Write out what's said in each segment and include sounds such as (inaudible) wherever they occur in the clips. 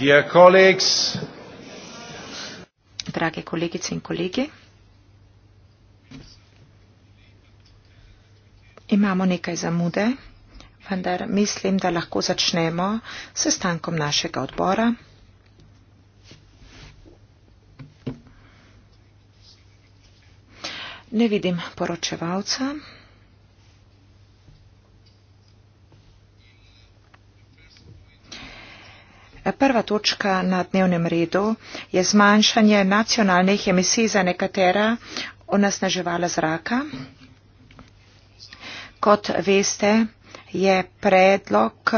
Dear colleagues, Drage kolegice in kolegi, imamo nekaj zamude, vendar mislim, da lahko začnemo s stankom našega odbora. Ne vidim poročevalca. Prva točka na dnevnem redu je zmanjšanje nacionalnih emisij za nekatera onesnaževala zraka. Kot veste, je predlog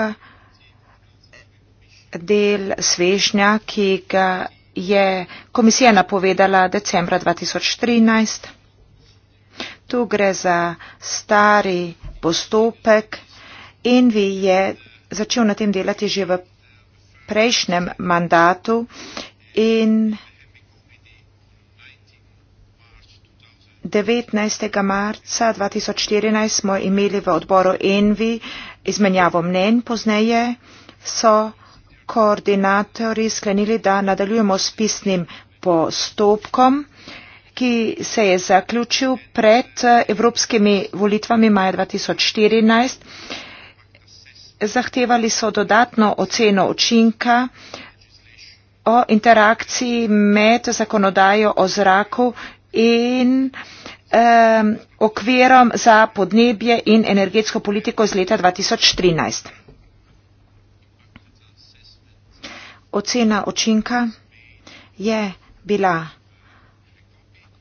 del svežnja, ki ga je komisija napovedala decembra 2013. Tu gre za stari postopek in vi je začel na tem delati že v prejšnjem mandatu in 19. marca 2014 smo imeli v odboru Envi izmenjavo mnen, pozneje so koordinatori sklenili, da nadaljujemo s pisnim postopkom, ki se je zaključil pred evropskimi volitvami maja 2014 zahtevali so dodatno oceno učinka o interakciji med zakonodajo o zraku in um, okvirom za podnebje in energetsko politiko iz leta 2013. Ocena učinka je bila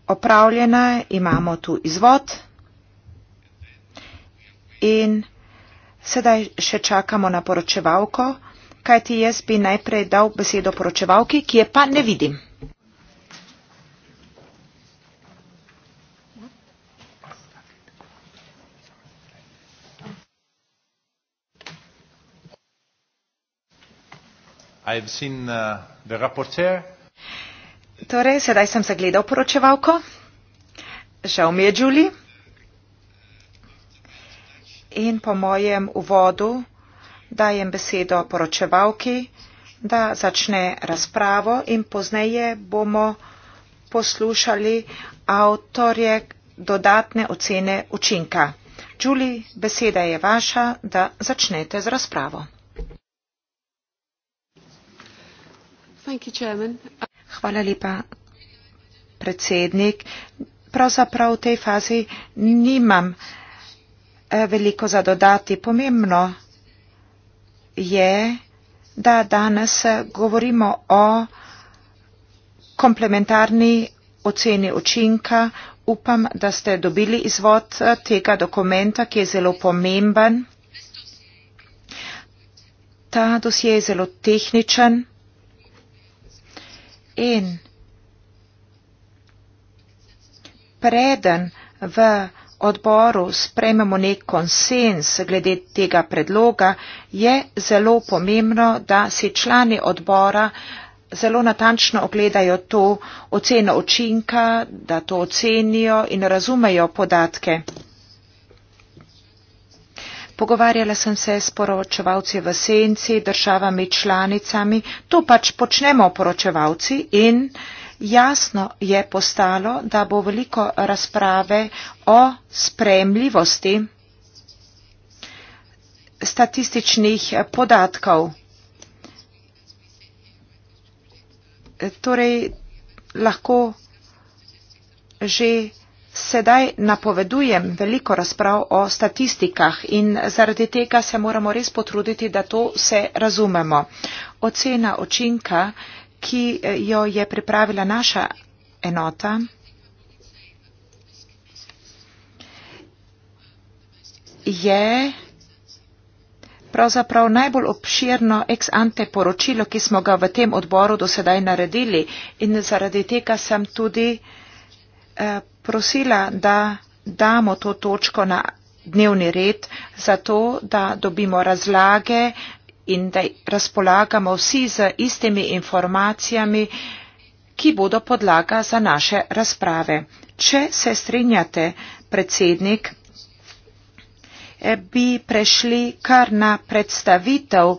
opravljena, imamo tu izvod in Sedaj še čakamo na poročevalko, kajti jaz bi najprej dal besedo poročevalki, ki je pa ne vidim. Seen, uh, torej, sedaj sem zagledal poročevalko. Žal mi je, Julie in po mojem uvodu dajem besedo poročevalki, da začne razpravo in pozneje bomo poslušali avtorje dodatne ocene učinka. Đuli, beseda je vaša, da začnete z razpravo. Hvala lepa, predsednik. Pravzaprav v tej fazi nimam veliko za dodati. Pomembno je, da danes govorimo o komplementarni oceni učinka. Upam, da ste dobili izvod eh, tega dokumenta, ki je zelo pomemben. Ta dosje je zelo tehničen in preden v odboru sprejmemo nek konsens glede tega predloga, je zelo pomembno, da si člani odbora zelo natančno ogledajo to oceno učinka, da to ocenijo in razumejo podatke. Pogovarjala sem se s poročevalci v senci, državami, članicami. To pač počnemo poročevalci in. Jasno je postalo, da bo veliko razprave o spremljivosti statističnih podatkov. Torej, lahko že sedaj napovedujem veliko razprav o statistikah in zaradi tega se moramo res potruditi, da to se razumemo. Ocena očinka ki eh, jo je pripravila naša enota. je pravzaprav najbolj obširno ex ante poročilo, ki smo ga v tem odboru do sedaj naredili. In zaradi tega sem tudi eh, prosila, da damo to točko na dnevni red, zato da dobimo razlage, in da razpolagamo vsi z istimi informacijami, ki bodo podlaga za naše razprave. Če se strinjate, predsednik, eh, bi prešli kar na predstavitev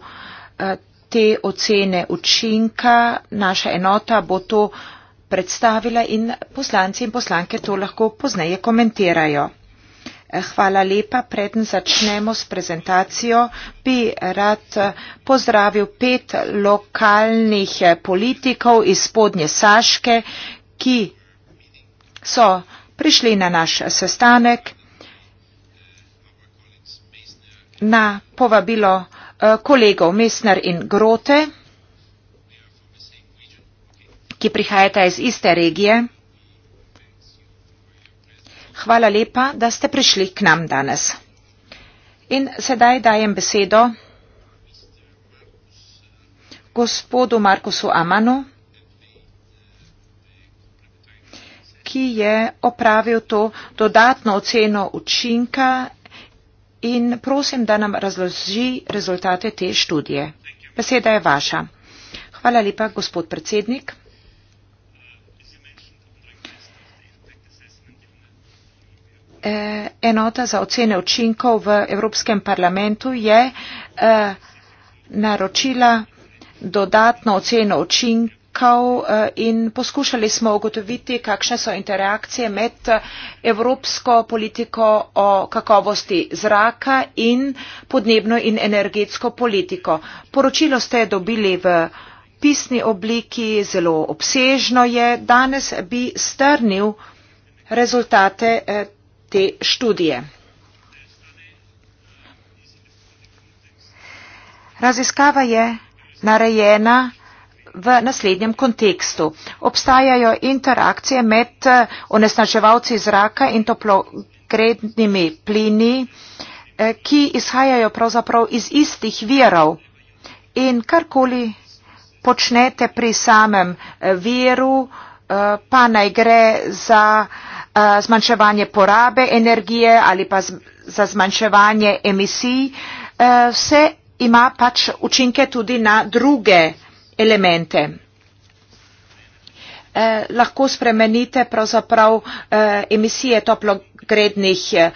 eh, te ocene učinka. Naša enota bo to predstavila in poslanci in poslanke to lahko pozneje komentirajo. Hvala lepa. Preden začnemo s prezentacijo, bi rad eh, pozdravil pet lokalnih eh, politikov iz spodnje Saške, ki so prišli na naš sestanek na povabilo eh, kolegov Mesner in Grote, ki prihajata iz iste regije. Hvala lepa, da ste prišli k nam danes. In sedaj dajem besedo gospodu Markusu Amanu, ki je opravil to dodatno oceno učinka in prosim, da nam razloži rezultate te študije. Beseda je vaša. Hvala lepa, gospod predsednik. Eh, enota za ocene učinkov v Evropskem parlamentu je eh, naročila dodatno oceno učinkov eh, in poskušali smo ugotoviti, kakšne so interakcije med evropsko politiko o kakovosti zraka in podnebno in energetsko politiko. Poročilo ste dobili v pisni obliki, zelo obsežno je. Danes bi strnil rezultate te študije. Raziskava je narejena v naslednjem kontekstu. Obstajajo interakcije med eh, onesnaževalci zraka in toplogrednimi plini, eh, ki izhajajo pravzaprav iz istih virov. In karkoli počnete pri samem eh, viru, pa naj gre za vsega, Eh, zmanjševanje porabe energije ali pa za zmanjševanje emisij, eh, vse ima pač učinke tudi na druge elemente. Eh, lahko spremenite pravzaprav eh, emisije toplogrednih eh,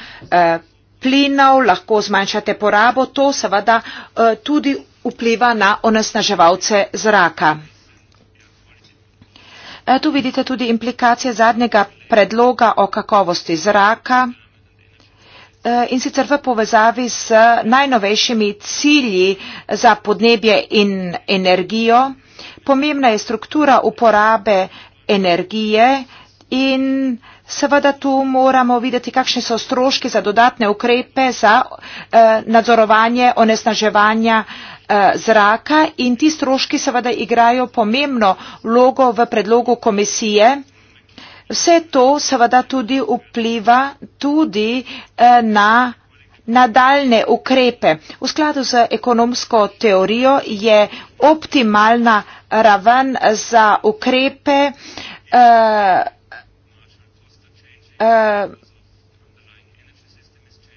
plinov, lahko zmanjšate porabo, to seveda eh, tudi vpliva na onesnaževalce zraka. Tu vidite tudi implikacije zadnjega predloga o kakovosti zraka e, in sicer v povezavi s najnovejšimi cilji za podnebje in energijo. Pomembna je struktura uporabe energije in seveda tu moramo videti, kakšni so stroški za dodatne ukrepe za e, nadzorovanje onesnaževanja Eh, zraka in ti stroški seveda igrajo pomembno vlogo v predlogu komisije. Vse to seveda tudi vpliva tudi eh, na nadaljne ukrepe. V skladu z ekonomsko teorijo je optimalna raven za ukrepe uh, uh,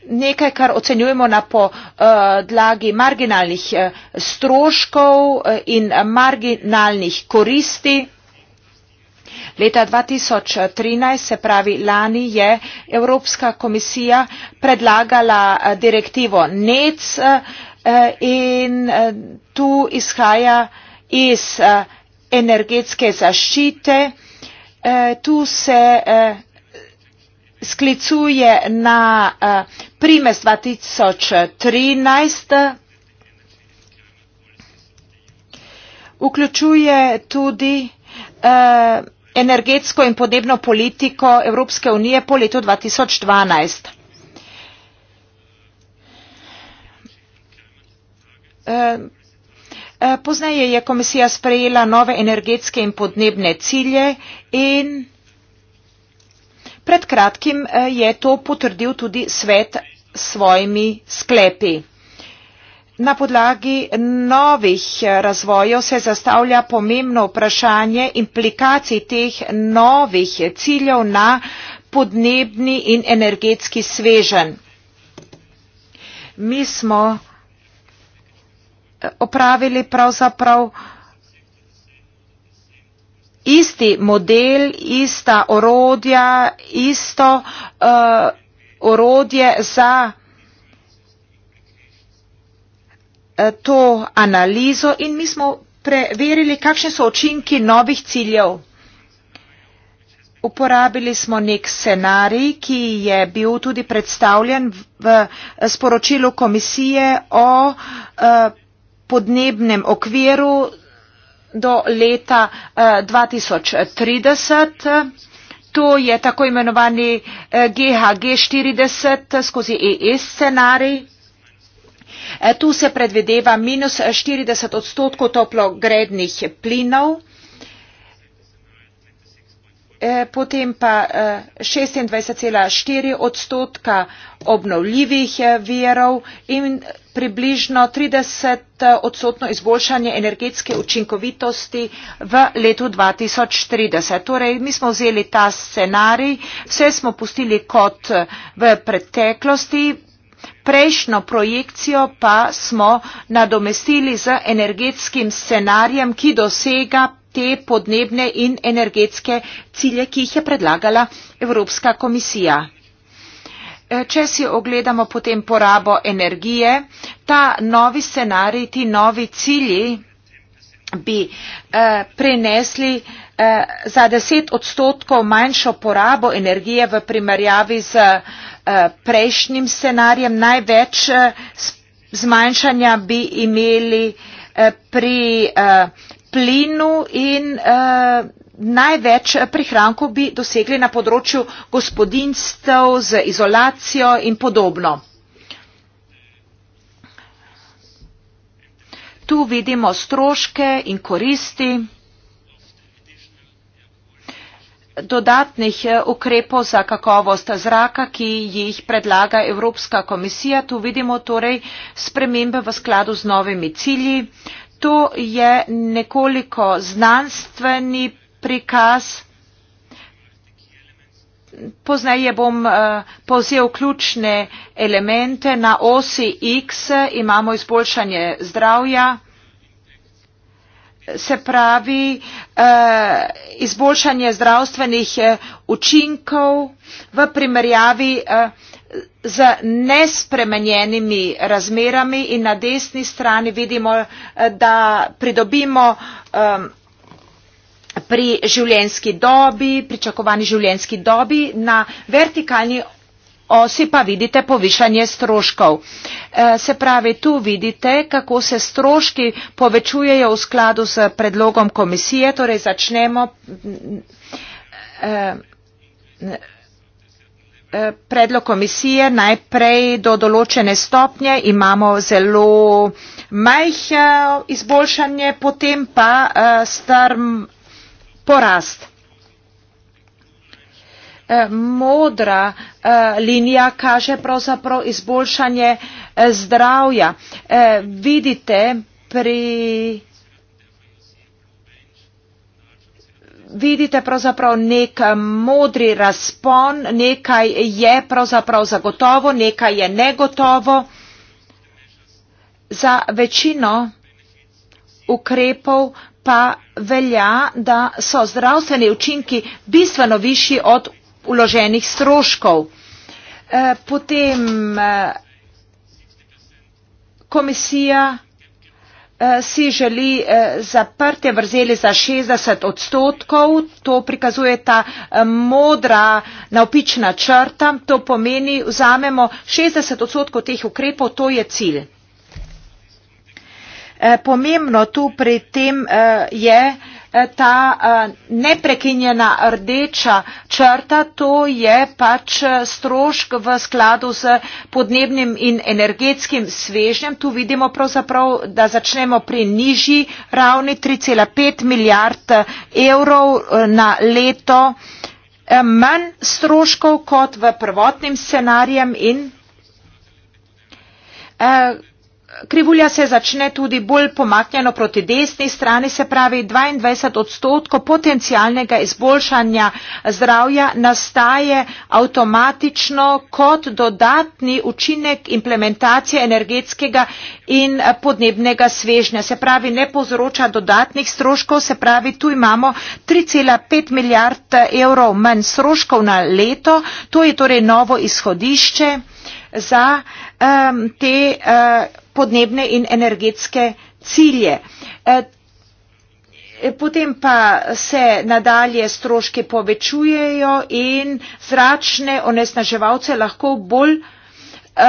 nekaj kar ocenjujemo na podlagi eh, marginalnih eh, stroškov eh, in marginalnih koristi. Leta 2013, se pravi lani, je Evropska komisija predlagala direktivo NEC in tu izhaja iz energetske zaščite. Tu se sklicuje na eh, primes 2013, vključuje tudi eh, energetsko in podnebno politiko Evropske unije po letu 2012. Eh, Poznaje je komisija sprejela nove energetske in podnebne cilje in Pred kratkim eh, je to potrdil tudi svet s svojimi sklepi. Na podlagi novih eh, razvojev se zastavlja pomembno vprašanje implikacij teh novih ciljev na podnebni in energetski svežen. Mi smo eh, opravili pravzaprav prav isti model, ista orodja, isto uh, orodje za eh, to analizo in mi smo preverili, kakšne so očinki novih ciljev. Uporabili smo nek scenarij, ki je bil tudi predstavljen v sporočilu komisije o eh, podnebnem okviru do leta uh, eh, 2030. To je tako imenovani uh, GHG 40 skozi ES e scenarij. Eh, tu se predvideva minus 40 odstotkov toplogrednih plinov. Eh, potem pa eh, šestindvajset štiri odstotka obnovljivih eh, virov in približno trideset odstotno izboljšanje energetske učinkovitosti v letu dva tisoč trideset torej mi smo vzeli ta scenarij vse smo pustili kot v preteklosti prejšnjo projekcijo pa smo nadomestili z energetskim scenarijem, ki dosega te podnebne in energetske cilje, ki jih je predlagala Evropska komisija. E, če si ogledamo potem porabo energije, ta novi scenarij, ti novi cilji bi eh, prenesli eh, Eh, za deset odstotkov manjšo porabo energije v primerjavi z eh, prejšnjim scenarijem. Največ eh, zmanjšanja bi imeli pri plinu in največ prihrankov bi dosegli na področju gospodinstv z izolacijo in podobno. Tu vidimo stroške in koristi dodatnih eh, ukrepov za kakovost zraka, ki jih predlaga Evropska komisija. Tu vidimo torej spremembe v skladu z novimi cilji. To je nekoliko znanstveni prikaz. Poznaje bom eh, povzel ključne elemente. Na osi X imamo izboljšanje zdravja se pravi eh, izboljšanje zdravstvenih eh, učinkov v primerjavi eh, z nespremenjenimi razmerami in na desni strani vidimo, eh, da pridobimo eh, pri življenjski dobi, pričakovani življenjski dobi na vertikalni osi pa vidite povišanje stroškov. E, se pravi, tu vidite, kako se stroški povečujejo v skladu s predlogom komisije, torej začnemo e, e, predlog komisije najprej do določene stopnje, imamo zelo majhno izboljšanje, potem pa strm porast. Eh, modra eh, linija kaže pravzaprav izboljšanje eh, zdravja. Vidite pri Vidite pravzaprav nek modri razpon, nekaj je pravzaprav zagotovo, nekaj je negotovo. Za večino ukrepov pa velja, da so zdravstveni učinki bistveno višji od vloženih stroškov. Eh, potem eh, komisija eh, si želi zaprte vrzeli za 60 odstotkov, to prikazuje ta modra navpična črta, to pomeni, vzamemo 60 odstotkov teh ukrepov, to je cilj. Pomembno tu pri tem je, da Eh, ta eh, neprekinjena rdeča črta, to je pač eh, strošk v skladu z podnebnim in energetskim svežnjem. Tu vidimo pravzaprav, da začnemo pri nižji ravni 3,5 milijard evrov na leto, manj stroškov kot v prvotnim scenarijem in krivulja se začne tudi bolj pomaknjeno proti desni strani, se pravi 22 odstotkov potencijalnega izboljšanja zdravja nastaje avtomatično kot dodatni učinek implementacije energetskega in eh, podnebnega svežnja. Se pravi, ne povzroča dodatnih stroškov, se pravi, tu imamo 3,5 milijard eh, evrov manj stroškov na leto, to je torej novo izhodišče za um, te uh, podnebne in energetske cilje. E, potem pa se nadalje stroške povečujejo in zračne onesnaževalce lahko bolj uh,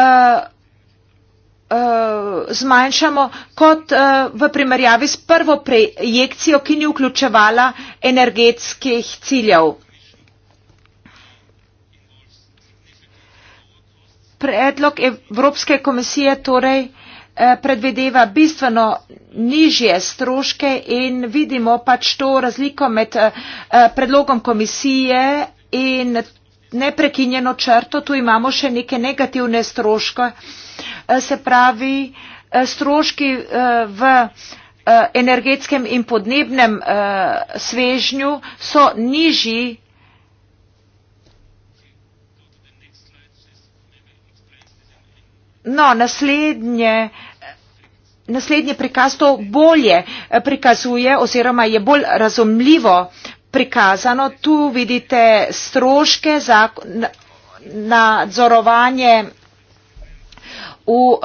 uh, zmanjšamo kot uh, v primerjavi s prvo projekcijo, ki ni vključevala energetskih ciljev. Predlog Evropske komisije torej. Eh, predvideva bistveno nižje stroške in vidimo pač to razliko med eh, eh, predlogom komisije in neprekinjeno črto. Tu imamo še neke negativne stroške, se pravi stroški v energetskem in podnebnem svežnju so nižji No, naslednje, naslednje prikaz to bolje eh, prikazuje oziroma je bolj razumljivo prikazano. Tu vidite stroške za nadzorovanje v uh,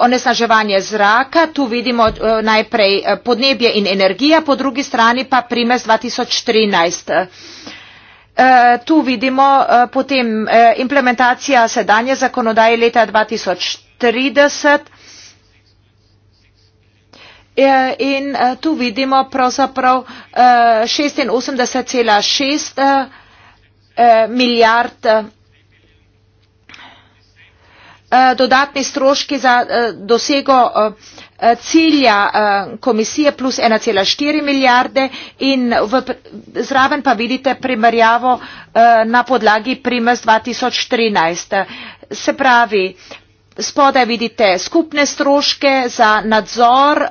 onesnaževanje zraka, tu vidimo uh, najprej podnebje in energija, po drugi strani pa primes 2013. Eh, tu vidimo eh, potem eh, implementacija sedanje zakonodaje leta dva tisoč trideset in tu vidimo pravzaprav šestinosemdeset cela šest milijard dodatni stroški za dosego Eh, cilja eh, komisije plus ena štiri milijarde in v, zraven pa vidite primerjavo eh, na podlagi primes 2013. Se pravi, spodaj vidite skupne stroške za nadzor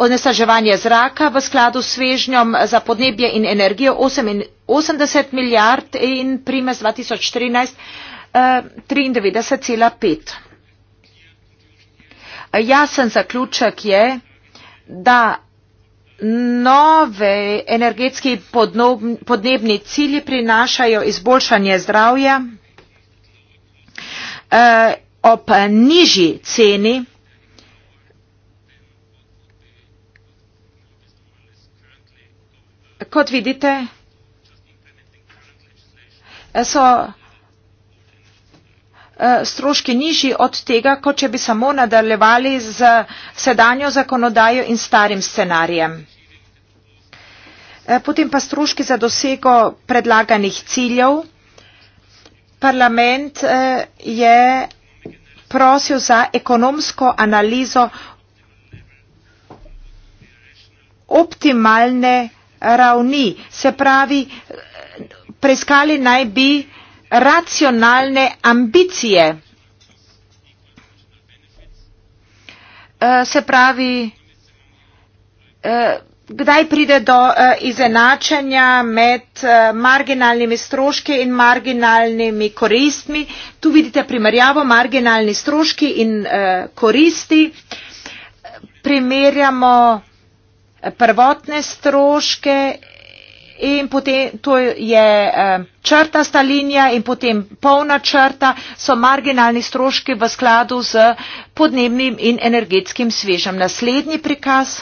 onesnaževanje zraka v skladu s svežnjom za podnebje in energijo 88 milijard in primes 2013 93,5 jasen zaključek je da nove energetski podnebni cilji prinašajo izboljšanje zdravja eh, ob nižji ceni kot vidite so Eh, stroški nižji od tega, kot če bi samo nadaljevali z sedanjo zakonodajo in starim scenarijem. Eh, potem pa stroški za dosego predlaganih ciljev. Parlament eh, je prosil za ekonomsko analizo optimalne ravni. Se pravi, preiskali naj bi racionalne ambicije. Eh, se pravi, eh, kdaj pride do eh, izenačanja med marginalnimi stroški in marginalnimi koristmi. Tu vidite primerjavo marginalni stroški in koristi. Primerjamo prvotne stroške in potem to je eh, črta sta linija in potem polna črta so marginalni stroški v skladu z podnebnim in energetskim svežem. Naslednji prikaz.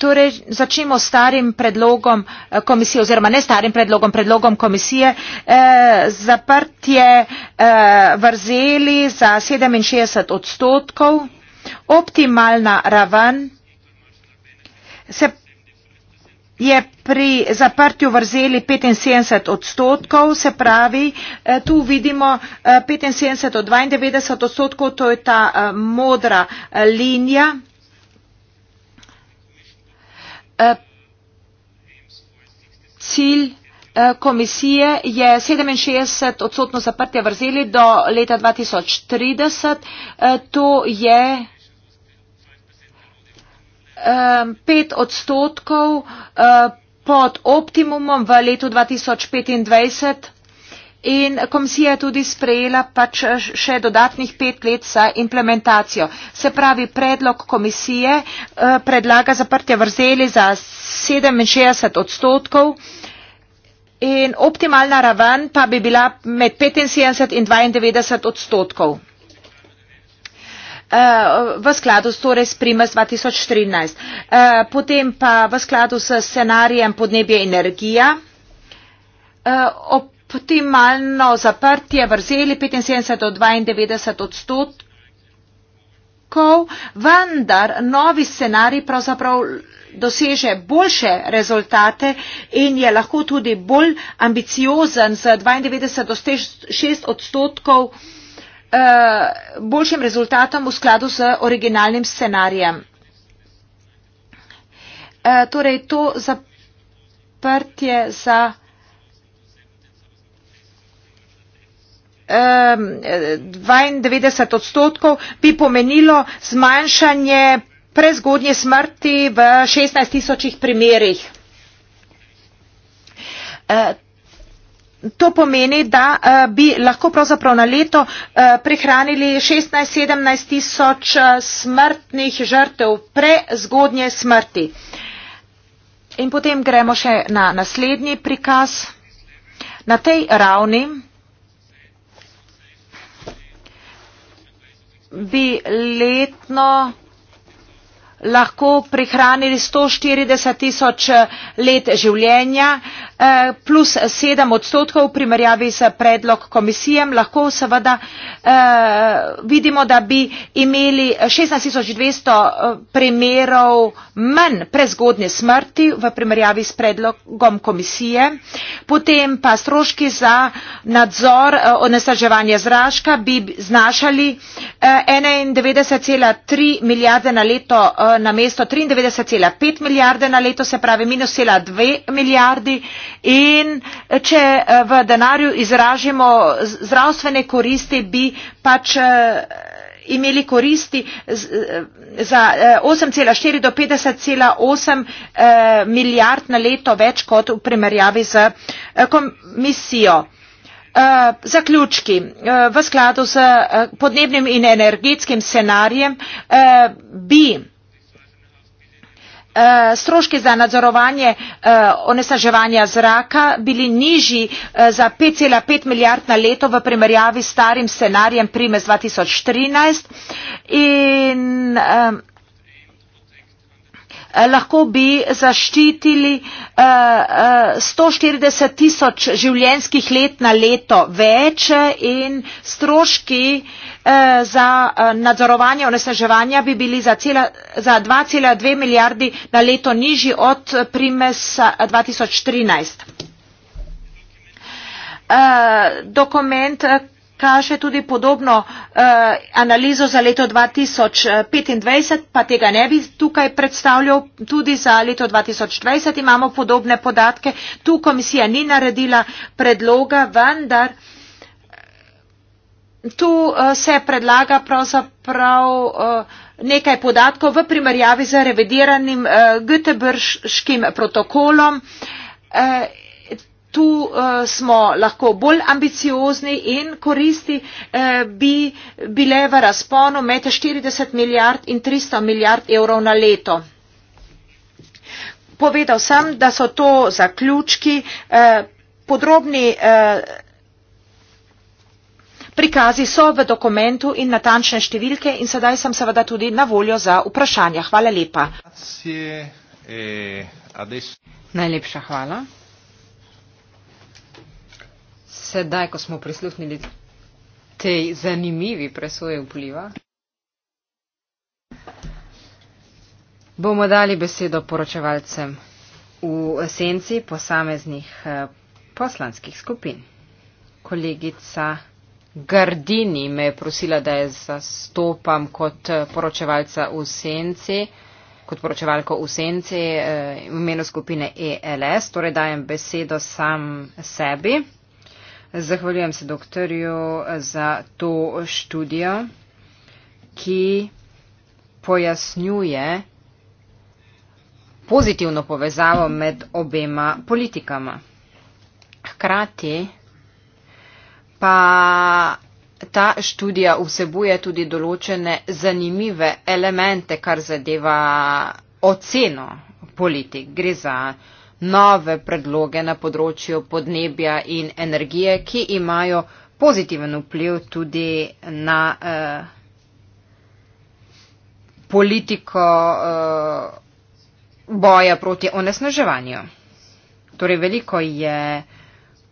Torej, začnimo s starim predlogom eh, komisije, oziroma ne starim predlogom, predlogom komisije. E, eh, zaprtje e, vrzeli za 67 odstotkov, optimalna raven se je pri zaprtju vrzeli 75 odstotkov, se pravi, eh, tu vidimo 75 eh, od 92 odstotkov, to je ta eh, modra linija. Cilj komisije je 67 odstotno zaprtje vrzeli do leta 2030, to je um, 5 odstotkov uh, pod optimumom v letu 2025 in komisija je tudi sprejela pač eh, še dodatnih 5 let za implementacijo. Se pravi, predlog komisije uh, predlaga zaprtje vrzeli za 67 odstotkov. In optimalna raven pa bi bila med 75 in 92 odstotkov v skladu s torej sprimes 2013. Potem pa v skladu s scenarijem podnebje energija, eh, optimalno zaprtje vrzeli 75 do 92 odstotkov, vendar novi scenarij pravzaprav doseže boljše rezultate in je lahko tudi bolj ambiciozen z 92 do 6 odstotkov Eh, boljšim rezultatom v skladu z originalnim scenarijem. E, torej, to zaprtje za. Um, eh, 92 odstotkov bi pomenilo zmanjšanje prezgodnje smrti v 16 tisočih primerjih. Uh, to pomeni, da eh, bi lahko pravzaprav na leto eh, prehranili 16-17 tisoč eh, smrtnih žrtev prezgodnje smrti. In potem gremo še na naslednji prikaz. Na tej ravni bi letno lahko prihranili 140 tisoč let življenja, Eh, plus sedem odstotkov v primerjavi s predlogom komisije lahko seveda eh, vidimo da bi imeli šestnajst tisoč dvesto eh, primerov manj prezgodnje smrti v primerjavi s predlogom komisije potem pa stroški za nadzor onesnaževanja zraka bi znašali enaindevetdeset tri milijarde na leto namesto triindevetdeset pet milijarde na leto se pravi minus dve milijardi in če eh, v denarju izražimo zdravstvene koristi, bi pač eh, imeli koristi eh, za 8,4 do 50,8 milijard na leto več kot v primerjavi z komisijo. Zaključki. V skladu z podnebnim in energetskim scenarijem bi Eh, stroški za nadzorovanje eh, onesnaževanja zraka bili nižji eh, za 5,5 milijard na leto v primerjavi s starim scenarijem Primes 2013 in lahko bi zaščitili 140 tisoč življenjskih let na leto več in stroški Eh, za eh, nadzorovanje onesnaževanja bi bili za dva dve milijardi na leto nižji od eh, primesa dva dokument kaže tudi podobno analizo za leto 2025, pa tega ne bi tukaj predstavljal, tudi za leto 2020 imamo podobne podatke. Tu komisija ni naredila predloga, vendar tu uh, se predlaga pravzaprav uh, nekaj podatkov v primerjavi z revidiranim uh, eh, Göteborgskim protokolom. Uh, tu uh, smo lahko bolj ambiciozni in koristi uh, bi bile v razponu med 40 milijard in 300 milijard evrov na leto. Povedal sem, da so to zaključki. Uh, podrobni uh, prikazi so v dokumentu in natančne številke in sedaj sem seveda tudi na voljo za vprašanja. Hvala lepa. Eh, Najlepša hvala. Sedaj, ko smo prisluhnili tej zanimivi presoje vpliva, bomo dali besedo poročevalcem v senci posameznih eh, poslanskih skupin. Kolegica Gardini me je prosila, da je zastopam kot poročevalca v senci, kot poročevalko v senci eh, v imenu skupine ELS, torej dajem besedo sam sebi. Zahvaljujem se doktorju za to študijo, ki pojasnjuje pozitivno povezavo med obema politikama. Hkrati pa ta študija vsebuje tudi določene zanimive elemente, kar zadeva oceno politik. Gre za nove predloge na področju podnebja in energije, ki imajo pozitiven vpliv tudi na eh, politiko eh, boja proti onesnaževanju. Torej, veliko je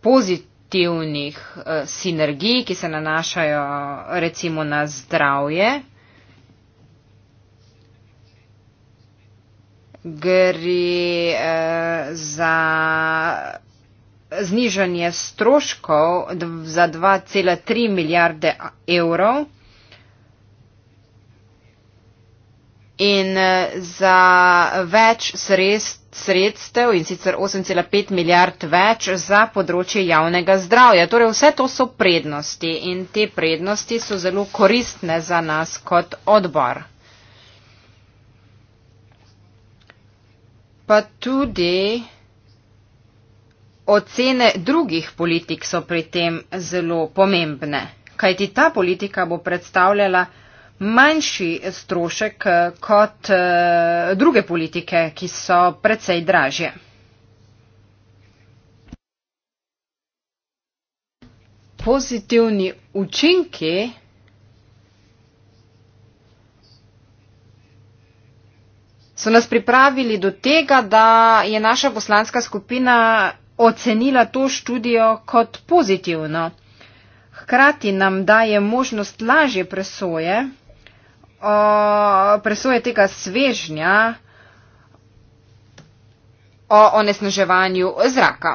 pozitivno pozitivnih eh, sinergij, ki se nanašajo recimo na zdravje. Gre eh, za znižanje stroškov za 2,3 milijarde evrov in eh, za več sredstv sredstev in sicer 8,5 milijard več za področje javnega zdravja. Torej vse to so prednosti in te prednosti so zelo koristne za nas kot odbor. Pa tudi ocene drugih politik so pri tem zelo pomembne, kajti ta politika bo predstavljala manjši strošek eh, kot eh, druge politike, ki so predvsej dražje. Pozitivni učinki so nas pripravili do tega, da je naša poslanska skupina ocenila to študijo kot pozitivno. Hkrati nam daje možnost lažje presoje, o presoji tega svežnja o onesnaževanju zraka.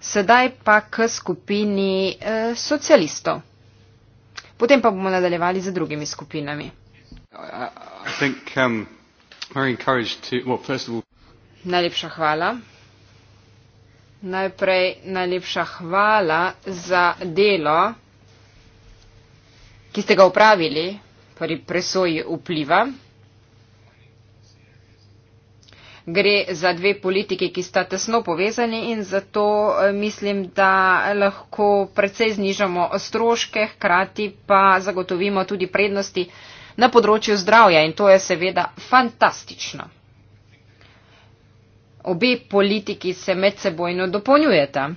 Sedaj pa k skupini eh, socialistov. Potem pa bomo nadaljevali z drugimi skupinami. I, I think, um, to, well, najlepša hvala. Najprej najlepša hvala za delo ki ste ga upravili pri presoji vpliva. Gre za dve politike, ki sta tesno povezani in zato eh, mislim, da lahko precej znižamo stroške, hkrati pa zagotovimo tudi prednosti na področju zdravja in to je seveda fantastično. Obe politiki se med sebojno dopolnjujeta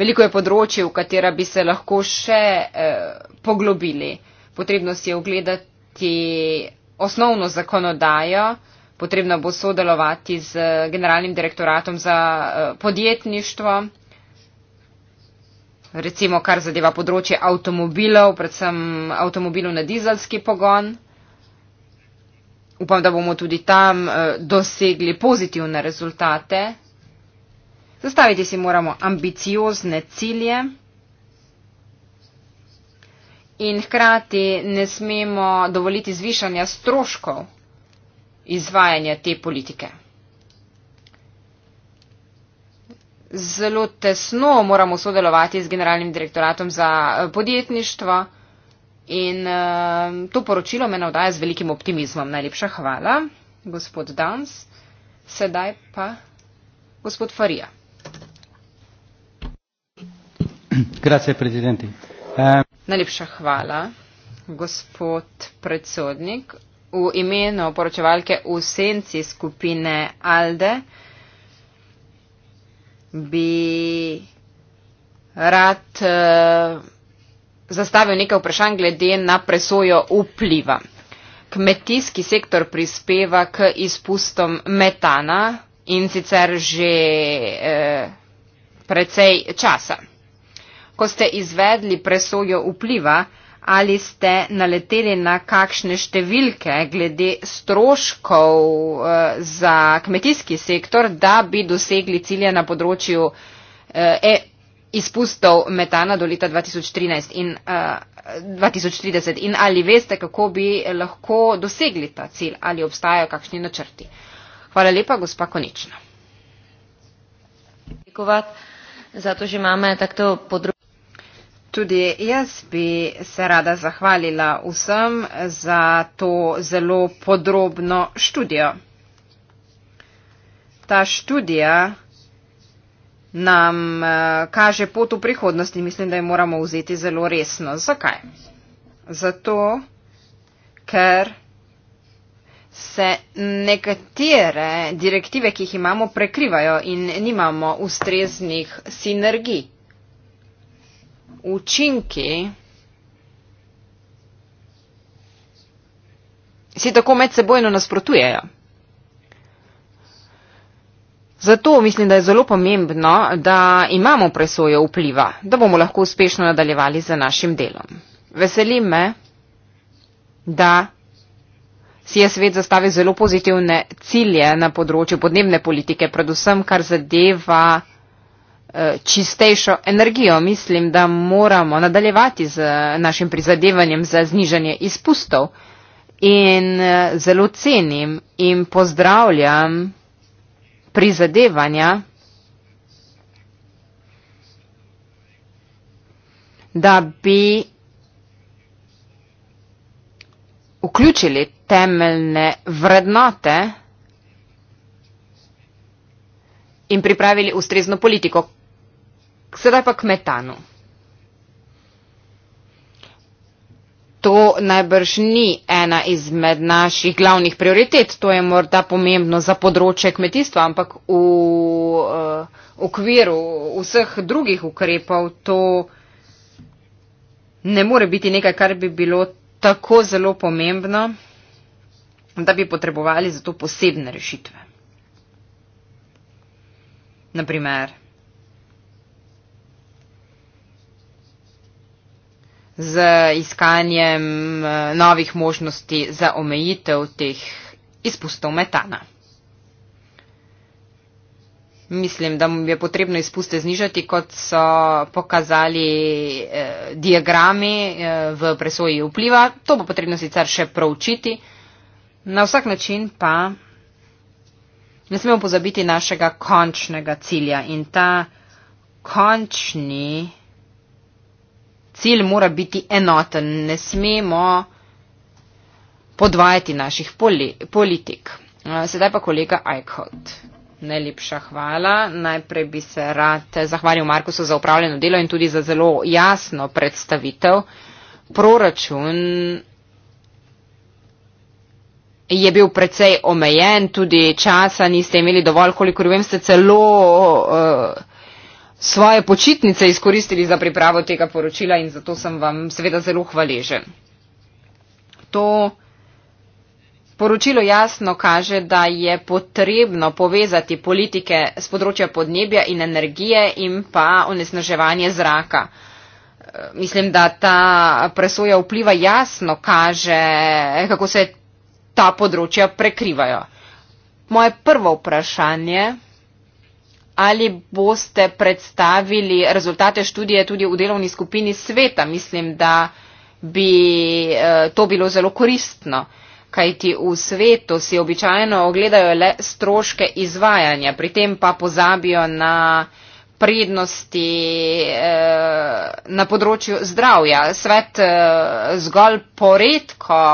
veliko je področje, v katera bi se lahko še eh, poglobili. Potrebno si je ogledati osnovno zakonodajo, potrebno bo sodelovati z eh, generalnim direktoratom za eh, podjetništvo, recimo kar zadeva področje avtomobilov, predvsem avtomobilov na dizelski pogon. Upam, da bomo tudi tam dosegli pozitivne rezultate. Zastaviti si moramo ambiciozne cilje in hkrati ne smemo dovoliti zvišanja stroškov izvajanja te politike. Zelo tesno moramo sodelovati z Generalnim direktoratom za eh, podjetništvo in eh, to poročilo me navdaja z velikim optimizmom. Najlepša hvala, gospod Dans. Sedaj pa gospod Farija. (clears throat) Eh, najlepša hvala gospod predsodnik v imenu poročevalke v senci skupine alde bi rad uh, zastavil nekaj vprašanj glede na presojo vpliva. Kmetijski sektor prispeva k izpustom metana in sicer že uh, precej časa ko ste izvedli presojo vpliva, ali ste naleteli na kakšne številke glede stroškov eh, za kmetijski sektor, da bi dosegli cilje na področju eh, e izpustov metana do leta 2013 in 2030 eh, in ali veste, kako bi lahko dosegli ta cilj ali obstajajo kakšni načrti. Hvala lepa, gospa Konična. Zato, Tudi jaz bi se rada zahvalila vsem za to zelo podrobno študijo. Ta študija nam eh, kaže pot v prihodnost in mislim, da jo moramo vzeti zelo resno. Zakaj? Zato, ker se nekatere direktive, ki jih imamo, prekrivajo in nimamo ustreznih sinergij učinki si tako medsebojno nasprotujejo. Zato mislim, da je zelo pomembno, da imamo presojo vpliva, da bomo lahko uspešno nadaljevali z našim delom. Veseli me, da si je svet zastavil zelo pozitivne cilje na področju podnebne politike, predvsem kar zadeva. Eh, čistejšo energijo. Mislim, da moramo nadaljevati z našim prizadevanjem za znižanje izpustov. In eh, zelo cenim in pozdravljam prizadevanja, da bi vključili temeljne vrednote in pripravili ustrezno politiko, Sedaj pa k metanu. To najbrž ni ena izmed naših glavnih prioritet, to je morda pomembno za področje kmetijstva, ampak v uh, okviru vseh drugih ukrepov to ne more biti nekaj, kar bi bilo tako zelo pomembno, da bi potrebovali za to posebne rešitve. Naprimer, z iskanjem eh, novih možnosti za omejitev teh izpustov metana. Mislim, da je potrebno izpuste znižati, kot so pokazali eh, diagrami eh, v presoji vpliva. To bo potrebno sicer še proučiti. Na vsak način pa ne smemo pozabiti našega končnega cilja in ta končni cilj mora biti enoten, ne smemo podvajati naših poli, politik. Uh, sedaj pa kolega Eichhold. Najlepša hvala. Najprej bi se rad zahvalil Markusu za upravljeno delo in tudi za zelo jasno predstavitev. Proračun je bil precej omejen, tudi časa niste imeli dovolj, koliko vem, ste celo uh, svoje počitnice izkoristili za pripravo tega poročila in zato sem vam seveda zelo hvaležen. To poročilo jasno kaže, da je potrebno povezati politike z področja podnebja in energije in pa onesnaževanje zraka. Eh, mislim, da ta presoja vpliva jasno kaže, kako se ta področja prekrivajo. Moje prvo vprašanje je, Ali boste predstavili rezultate študije tudi v delovni skupini sveta? Mislim, da bi eh, to bilo zelo koristno, kajti v svetu si običajno ogledajo le stroške izvajanja, pri tem pa pozabijo na prednosti eh, na področju zdravja. Svet eh, zgolj poredko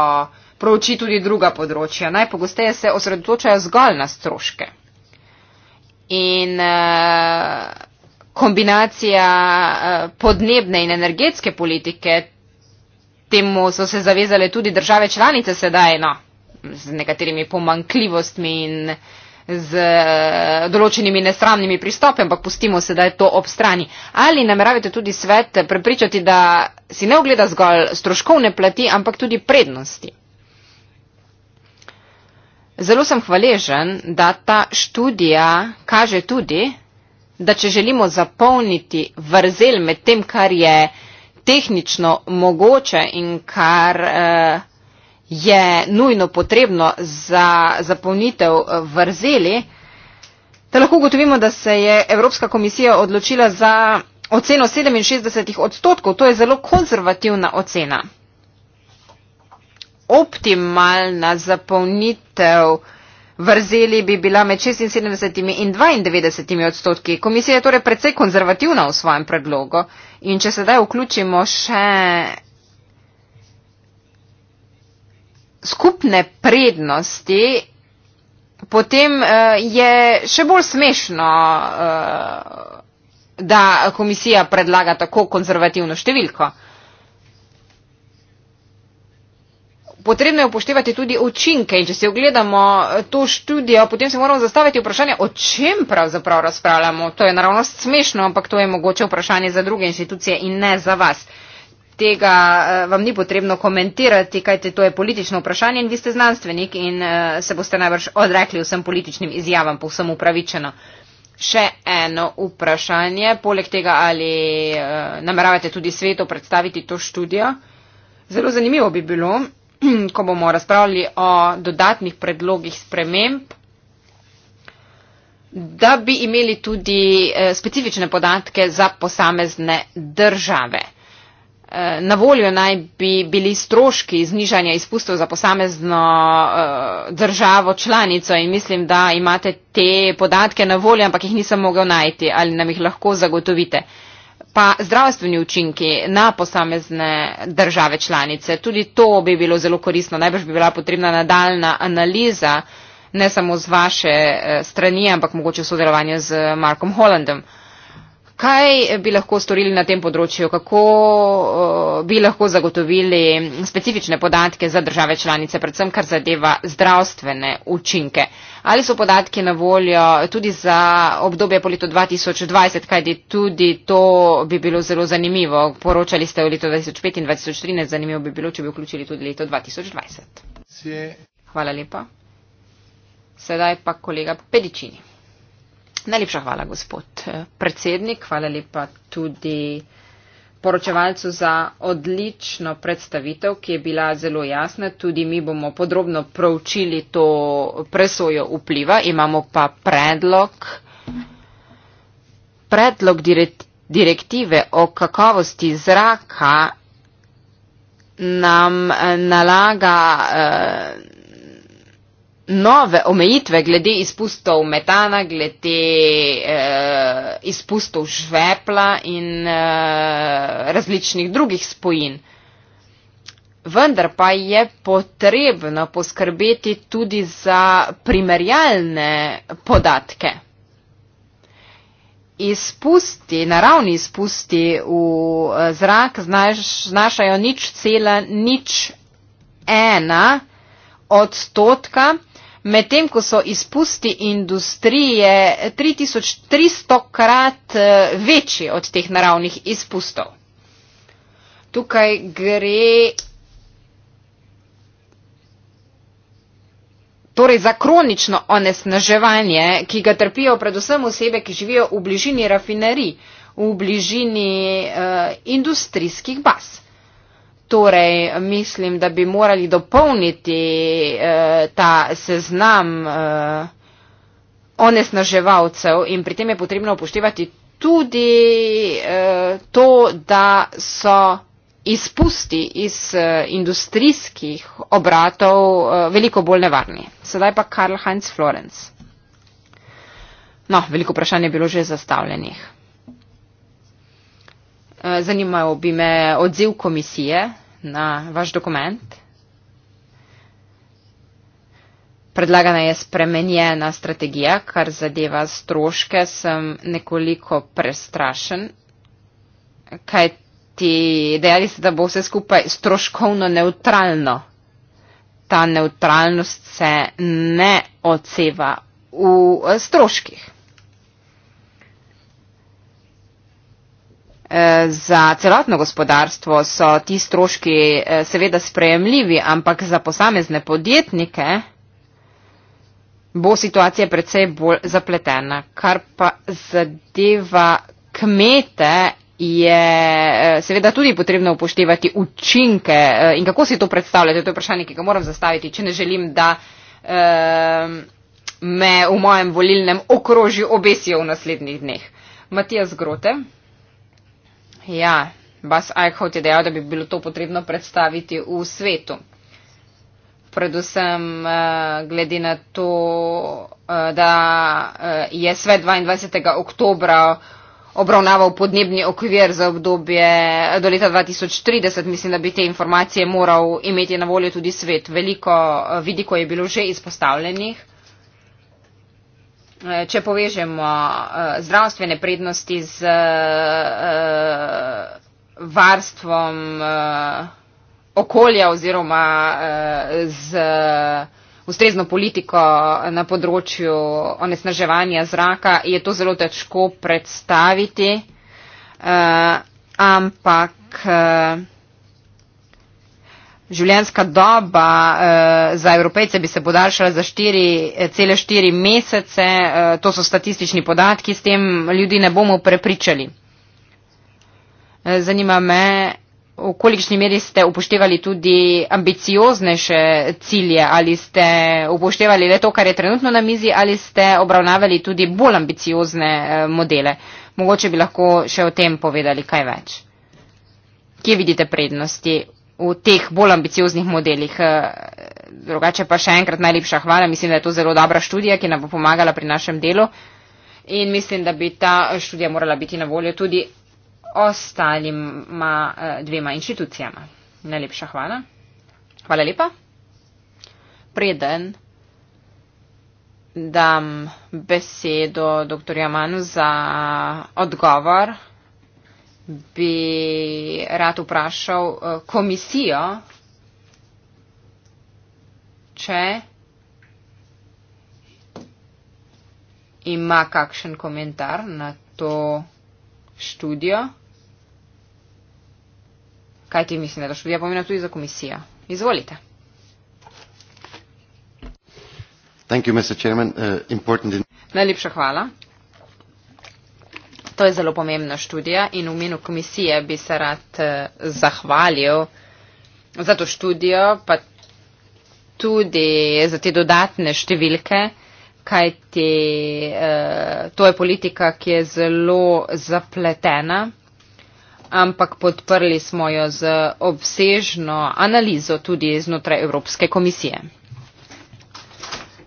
prouči tudi druga področja. Najpogosteje se osredotočajo zgolj na stroške in eh, kombinacija eh, podnebne in energetske politike, temu so se zavezale tudi države članice sedaj, no, z nekaterimi pomankljivostmi in z eh, določenimi nesramnimi pristopi, ampak pustimo sedaj to ob strani. Ali nameravate tudi svet prepričati, da si ne ogleda zgolj stroškovne plati, ampak tudi prednosti? Zelo sem hvaležen, da ta študija kaže tudi, da če želimo zapolniti vrzel med tem, kar je tehnično mogoče in kar eh, je nujno potrebno za zapolnitev eh, vrzeli, da lahko ugotovimo, da se je Evropska komisija odločila za oceno 67 odstotkov. To je zelo konzervativna ocena optimalna zapolnitev vrzeli bi bila med 76 in 92 odstotki. Komisija je torej precej konzervativna v svojem predlogu in če sedaj vključimo še skupne prednosti, potem eh, je še bolj smešno, eh, da komisija predlaga tako konzervativno številko. potrebno je upoštevati tudi učinke in če se ogledamo eh, to študijo, potem se moramo zastaviti vprašanje, o čem pravzaprav razpravljamo. To je naravnost smešno, ampak to je mogoče vprašanje za druge institucije in ne za vas. Tega eh, vam ni potrebno komentirati, kajte to je politično vprašanje in vi ste znanstvenik in eh, se boste najbrž odrekli vsem političnim izjavam, povsem upravičeno. Še eno vprašanje, poleg tega, ali nameravate tudi svetu predstaviti to študijo. Zelo zanimivo bi bilo, (clears throat) ko bomo razpravljali o dodatnih predlogih sprememb, da bi imeli tudi eh, specifične podatke za posamezne države. Eh, na voljo naj bi bili stroški znižanja izpustov za posamezno eh, državo članico in mislim, da imate te podatke na voljo, ampak jih nisem mogel najti ali nam jih lahko zagotovite pa zdravstveni učinki na posamezne države članice. Tudi to bi bilo zelo koristno, najbrž bi bila potrebna nadaljna analiza, ne samo z vaše eh, strani, ampak mogoče v sodelovanju z Markom Hollandom. Kaj bi lahko storili na tem področju? Kako eh, bi lahko zagotovili specifične podatke za države članice, predvsem kar zadeva zdravstvene učinke? Ali so podatki na voljo tudi za obdobje po letu 2020, kajti tudi to bi bilo zelo zanimivo. Poročali ste o letu 2005 in 2013, zanimivo bi bilo, če bi vključili tudi leto 2020. Hvala lepa. Sedaj pa kolega Pedičini. Najlepša hvala, gospod eh, predsednik. Hvala lepa tudi poročevalcu za odlično predstavitev, ki je bila zelo jasna. Tudi mi bomo podrobno proučili to presojo vpliva. Imamo pa predlog, predlog direktive o kakovosti zraka nam eh, nalaga eh, nove omejitve glede izpustov metana, glede eh, izpustov žvepla in eh, različnih drugih spojin. Vendar pa je potrebno poskrbeti tudi za primerjalne podatke. Izpusti, naravni izpusti v eh, zrak znašajo nič cela, nič ena odstotka medtem ko so izpusti industrije 3300 krat eh, večji od teh naravnih izpustov. Tukaj gre torej za kronično onesnaževanje, ki ga trpijo predvsem osebe, ki živijo v bližini rafinerij, v bližini uh, industrijskih baz. Torej, mislim, da bi morali dopolniti eh, ta seznam eh, onesnaževalcev in pri tem je potrebno upoštevati tudi eh, to, da so izpusti iz eh, industrijskih obratov eh, veliko bolj nevarni. Sedaj pa Karl Heinz Florenz. No, veliko vprašanje je bilo že zastavljenih. Eh, zanimal bi me odziv komisije na vaš dokument. Predlagana je spremenjena strategija, kar zadeva stroške, sem nekoliko prestrašen, kaj ti dejali ste, da bo vse skupaj stroškovno neutralno. Ta neutralnost se ne odseva v stroških. za celotno gospodarstvo so ti stroški eh, seveda sprejemljivi, ampak za posamezne podjetnike bo situacija predvsej bolj zapletena. Kar pa zadeva kmete, je eh, seveda tudi potrebno upoštevati učinke eh, in kako si to predstavljate. To je vprašanje, ki ga moram zastaviti, če ne želim, da ehm, me v mojem volilnem okrožju obesijo v naslednjih dneh. Matija Zgrote. Ja, Bas Eichhout je dejal, da bi bilo to potrebno predstaviti v svetu. Predvsem eh, glede na to, eh, da eh, je svet 22. oktobra obravnaval podnebni okvir za obdobje do leta 2030. Mislim, da bi te informacije moral imeti na voljo tudi svet. Veliko vidikov je bilo že izpostavljenih če povežemo eh, zdravstvene prednosti z eh, varstvom eh, okolja oziroma z ustrezno politiko na področju onesnaževanja zraka, je to zelo težko predstaviti, ampak življenjska doba eh, za evropejce bi se podaljšala za 4,4 eh, mesece, eh, to so statistični podatki, s tem ljudi ne bomo prepričali. Zanima me, v kolikšni meri ste upoštevali tudi ambicioznejše cilje, ali ste upoštevali le to, kar je trenutno na mizi, ali ste obravnavali tudi bolj ambiciozne modele. Mogoče bi lahko še o tem povedali kaj več. Kje vidite prednosti v teh bolj ambicioznih modelih. Eh, drugače pa še enkrat najlepša hvala. Mislim, da je to zelo dobra študija, ki nam bo pomagala pri našem delu. In mislim, da bi ta študija morala biti na voljo tudi ostalima eh, dvema inštitucijama. Najlepša hvala. Hvala lepa. Preden dam besedo dr. Jamanu za odgovor bi rad vprašal eh, komisijo, če ima kakšen komentar na to študijo. Kaj ti mislim, da to študija pomeni tudi za komisijo? Izvolite. Uh, Najlepša hvala. To je zelo pomembna študija in v imenu komisije bi se rad eh, zahvalil za to študijo, pa tudi za te dodatne številke, kaj ti, eh, to je politika, ki je zelo zapletena, ampak podprli smo jo z obsežno analizo tudi znotraj Evropske komisije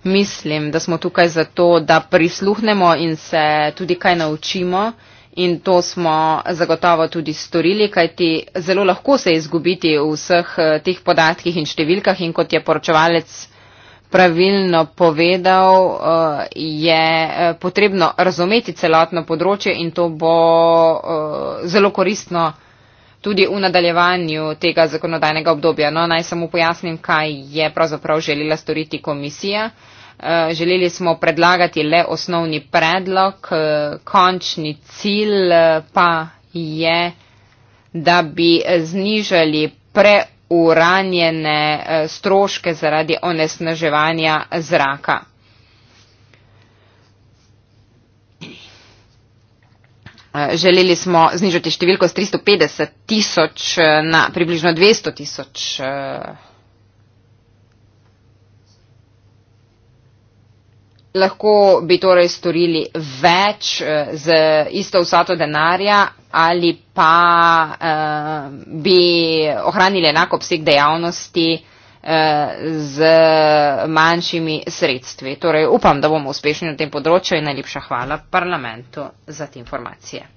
mislim, da smo tukaj zato, da prisluhnemo in se tudi kaj naučimo. In to smo zagotovo tudi storili, kajti zelo lahko se izgubiti v vseh eh, teh podatkih in številkah. In kot je poročevalec pravilno povedal, eh, je eh, potrebno razumeti celotno področje in to bo zelo koristno tudi v nadaljevanju tega zakonodajnega obdobja. No, naj samo pojasnim, kaj je pravzaprav želela storiti komisija. Eh, želeli smo predlagati le osnovni predlog, eh, končni cilj eh, pa je, da bi znižali preuranjene stroške zaradi onesnaževanja zraka. Eh, želeli smo znižati številko s 350 tisoč eh, na približno 200 tisoč. Eh. Lahko bi torej storili več z isto vsoto denarja ali pa eh, bi ohranili enako obseg dejavnosti eh, Eh, z manjšimi sredstvi. Torej, upam, da bomo uspešni na tem področju in najlepša hvala parlamentu za te informacije.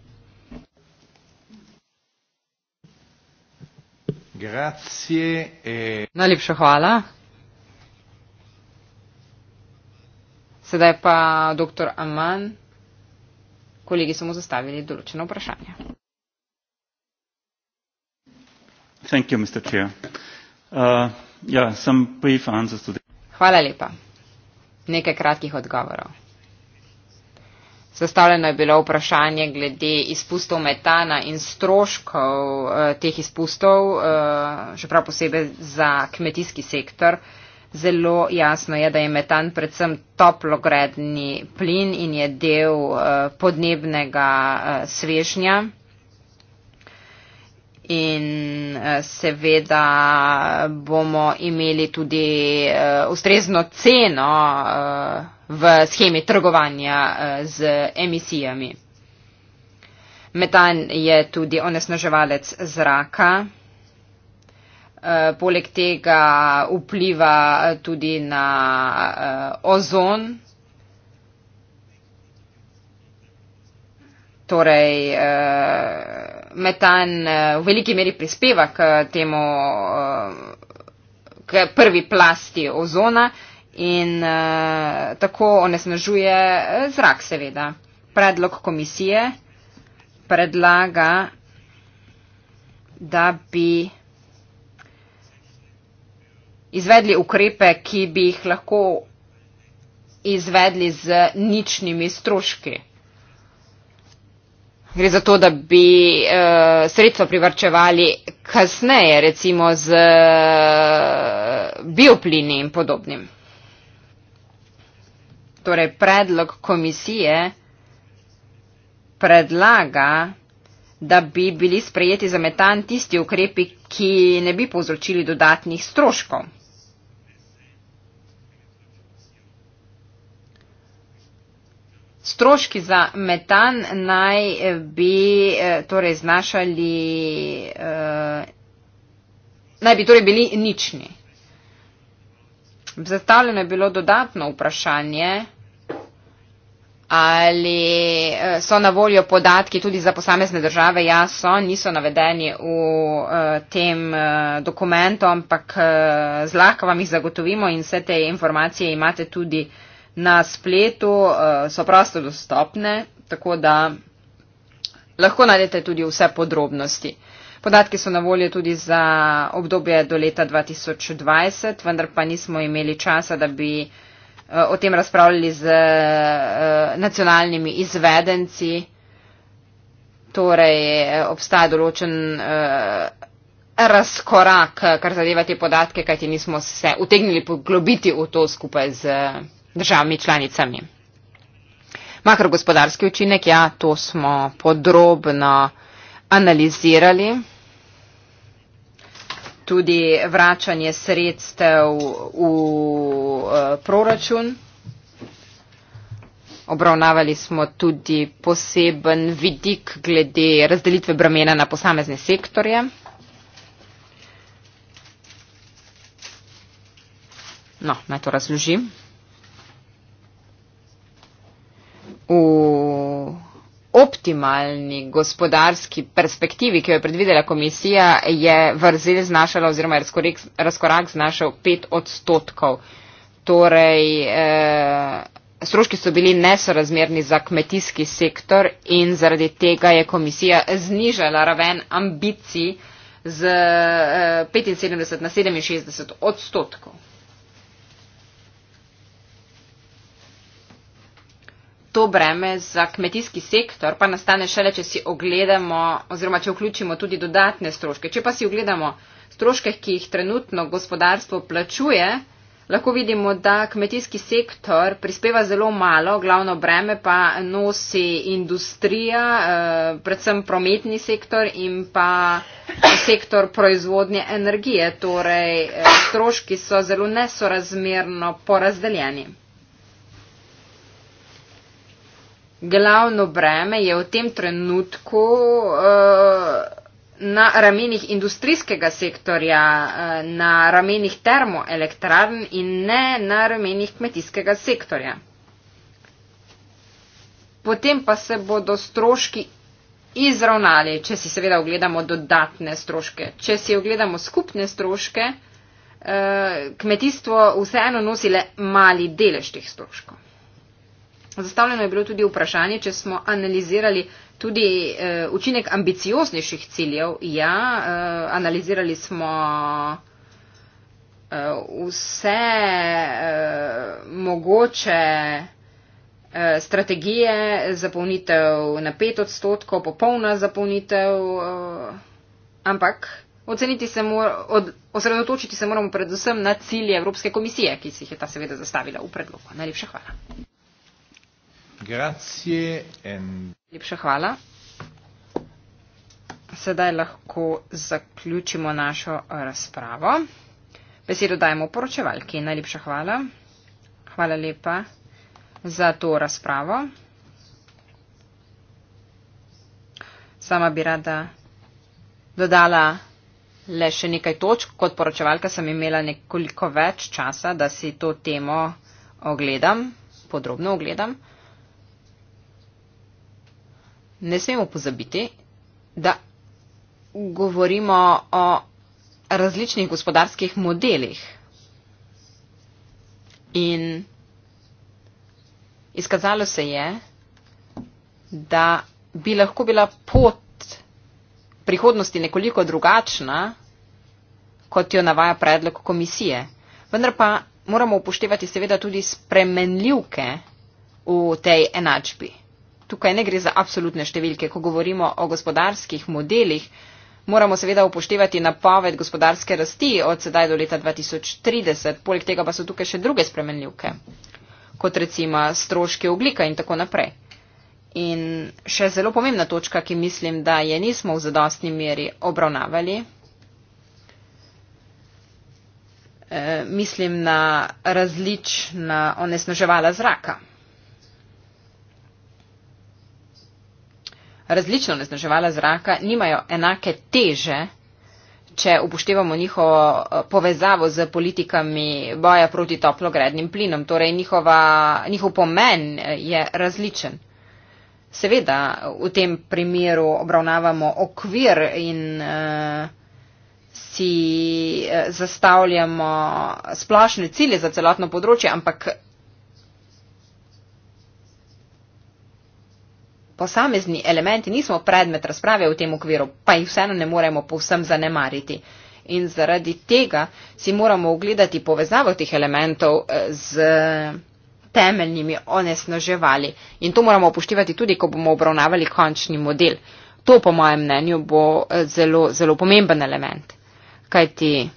Grazie, eh. Najlepša hvala. Sedaj pa dr. Aman. Kolegi so mu zastavili določeno vprašanje. Thank you, Mr. Chair. Uh, Ja, Hvala lepa. Nekaj kratkih odgovorov. Zastavljeno je bilo vprašanje glede izpustov metana in stroškov eh, teh izpustov, eh, še prav posebej za kmetijski sektor. Zelo jasno je, da je metan predvsem toplogredni plin in je del eh, podnebnega eh, svežnja in eh, seveda bomo imeli tudi eh, ustrezno ceno eh, v schemi trgovanja z emisijami. Metan je tudi onesnaževalec zraka. Poleg tega vpliva tudi na ozon. Torej, metan eh, v veliki meri prispeva k temu, eh, k prvi plasti ozona in eh, tako onesnažuje zrak, seveda. Predlog komisije predlaga, da bi izvedli ukrepe, ki bi jih lahko izvedli z ničnimi stroški gre za to, da bi uh, sredstva privrčevali kasneje, recimo z uh, bioplini in podobnim. Torej, predlog komisije predlaga, da bi bili sprejeti za metan tisti ukrepi, ki ne bi povzročili dodatnih stroškov. Stroški za metan naj eh, bi eh, torej znašali, eh, naj bi torej bili nični. Zastavljeno je bilo dodatno vprašanje, ali eh, so na voljo podatki tudi za posamezne države. Ja, so, niso navedeni v eh, tem eh, dokumentu, ampak eh, zlahka vam jih zagotovimo in vse te informacije imate tudi eh, na spletu eh, so prosto dostopne, tako da lahko najdete tudi vse podrobnosti. Podatki so na voljo tudi za obdobje do leta 2020, vendar pa nismo imeli časa, da bi eh, o tem razpravljali z eh, nacionalnimi izvedenci. Torej, obstaja določen razkorak, kar zadeva te podatke, kajti nismo se utegnili poglobiti v to skupaj z državami članicami. Makrogospodarski učinek, ja, to smo podrobno analizirali. Tudi vračanje sredstev v eh, proračun. Obravnavali smo tudi poseben vidik glede razdelitve bremena na posamezne sektorje. No, naj to razložim. v optimalni gospodarski perspektivi, ki jo je predvidela komisija, je vrzel znašala oziroma je razkorak znašal pet odstotkov. Torej, eh, stroški so bili nesorazmerni za kmetijski sektor in zaradi tega je komisija znižala raven ambicij z eh, 75 na 67 odstotkov. to breme za kmetijski sektor pa nastane šele, če si ogledamo oziroma če vključimo tudi dodatne stroške. Če pa si ogledamo stroške, ki jih trenutno gospodarstvo plačuje, lahko vidimo, da kmetijski sektor prispeva zelo malo, glavno breme pa nosi industrija, eh, predvsem prometni sektor in pa sektor proizvodnje energije. Torej, eh, stroški so zelo nesorazmerno porazdeljeni. glavno breme je v tem trenutku eh, na ramenih industrijskega sektorja, eh, na ramenih termoelektrarn in ne na ramenih kmetijskega sektorja. Potem pa se bodo stroški izravnali, če si seveda ogledamo dodatne stroške. Če si ogledamo skupne stroške, eh, kmetijstvo vseeno nosi le mali delež teh stroškov. Zastavljeno je bilo tudi vprašanje, če smo analizirali tudi e, učinek ambicioznejših ciljev. Ja, e, analizirali smo e, vse e, mogoče e, strategije za polnitev na pet odstotkov, popolna za polnitev, e, ampak oceniti se moramo, osredotočiti se moramo predvsem na cilje Evropske komisije, ki si jih je ta seveda zastavila v predlogu. Najlepša hvala. Grazie. Lepša hvala. Sedaj lahko zaključimo našo razpravo. Besedo dajemo poročevalki. Najlepša hvala. Hvala lepa za to razpravo. Sama bi rada dodala le še nekaj točk. Kot poročevalka sem imela nekoliko več časa, da si to temo ogledam, podrobno ogledam ne smemo pozabiti, da govorimo o različnih gospodarskih modelih. In izkazalo se je, da bi lahko bila pot prihodnosti nekoliko drugačna, kot jo navaja predlog komisije. Vendar pa moramo upoštevati seveda tudi spremenljivke v tej enačbi tukaj ne gre za absolutne številke, ko govorimo o gospodarskih modelih. Moramo seveda upoštevati napoved gospodarske rasti od sedaj do leta 2030, poleg tega pa so tukaj še druge spremenljivke, kot recimo stroške oglika in tako naprej. In še zelo pomembna točka, ki mislim, da je nismo v zadostni meri obravnavali, e, mislim na različna onesnaževala zraka. različna onesnaževala zraka nimajo enake teže, če upoštevamo njihovo eh, povezavo z politikami boja proti toplogrednim plinom. Torej njihova, njihov pomen eh, je različen. Seveda v tem primeru obravnavamo okvir in uh, si zastavljamo splošne cilje za celotno področje, ampak posamezni elementi nismo predmet razprave v tem okviru, pa jih vseeno ne moremo povsem zanemariti. In zaradi tega si moramo ogledati povezavo teh elementov eh, z temeljnimi onesnaževali. In to moramo upoštevati tudi, ko bomo obravnavali končni model. To, po mojem mnenju, bo eh, zelo, zelo pomemben element. Kajti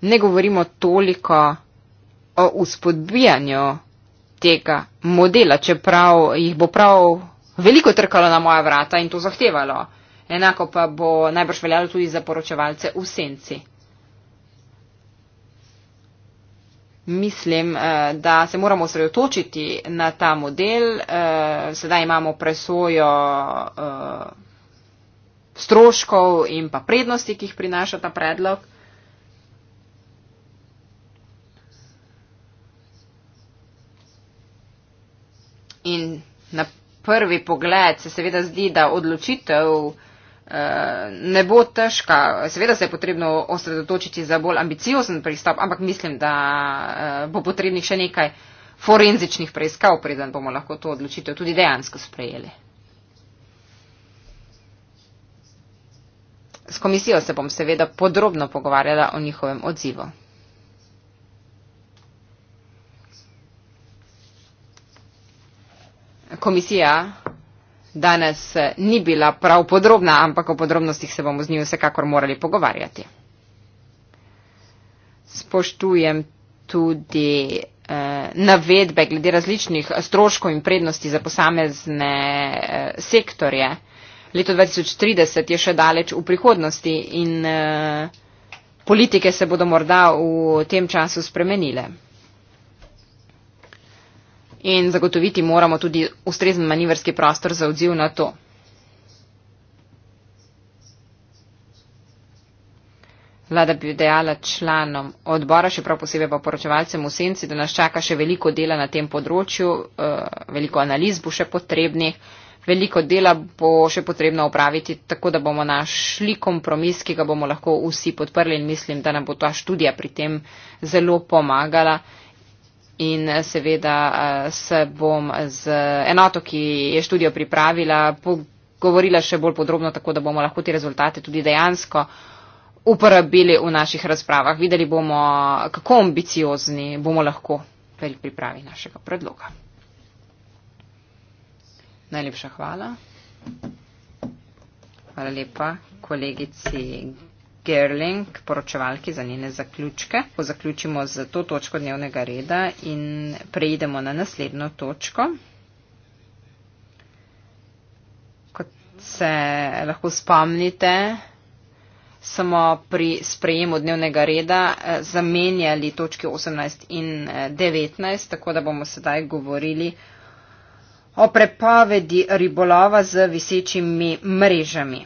ne govorimo toliko o uspodbijanju tega modela, čeprav jih bo prav veliko trkalo na moja vrata in to zahtevalo. Enako pa bo najbrž veljalo tudi za poročevalce v senci. Mislim, eh, da se moramo sredotočiti na ta model. Eh, sedaj imamo presojo eh, stroškov in pa prednosti, ki jih prinaša ta predlog. In na prvi pogled se seveda zdi, da odločitev eh, ne bo težka. Seveda se je potrebno osredotočiti za bolj ambiciozen pristop, ampak mislim, da eh, bo potrebnih še nekaj forenzičnih preiskav, preden bomo lahko to odločitev tudi dejansko sprejeli. S komisijo se bom seveda podrobno pogovarjala o njihovem odzivu. komisija danes eh, ni bila prav podrobna, ampak o podrobnostih se bomo z njim vsekakor morali pogovarjati. Spoštujem tudi eh, navedbe glede različnih stroškov in prednosti za posamezne eh, sektorje. Leto 2030 je še daleč v prihodnosti in eh, politike se bodo morda v tem času spremenile in zagotoviti moramo tudi ustrezen manjverski prostor za odziv na to. Vlada bi dejala članom odbora, še prav posebej pa poročevalcem v senci, da nas čaka še veliko dela na tem področju, eh, veliko analiz bo še potrebnih, veliko dela bo še potrebno upraviti, tako da bomo našli kompromis, ki ga bomo lahko vsi podprli in mislim, da nam bo ta študija pri tem zelo pomagala in eh, seveda eh, se bom z enoto, ki je študijo pripravila, govorila še bolj podrobno, tako da bomo lahko te rezultate tudi dejansko uporabili v naših razpravah. Videli bomo, kako ambiciozni bomo lahko pri pripravi našega predloga. Najlepša hvala. Hvala lepa kolegici Gerling, poročevalki za njene zaključke. Ko zaključimo z to točko dnevnega reda in preidemo na naslednjo točko. Kot se lahko spomnite, smo pri sprejemu dnevnega reda eh, zamenjali točki 18 in 19, eh, tako da bomo sedaj govorili o prepovedi ribolova z visečimi mrežami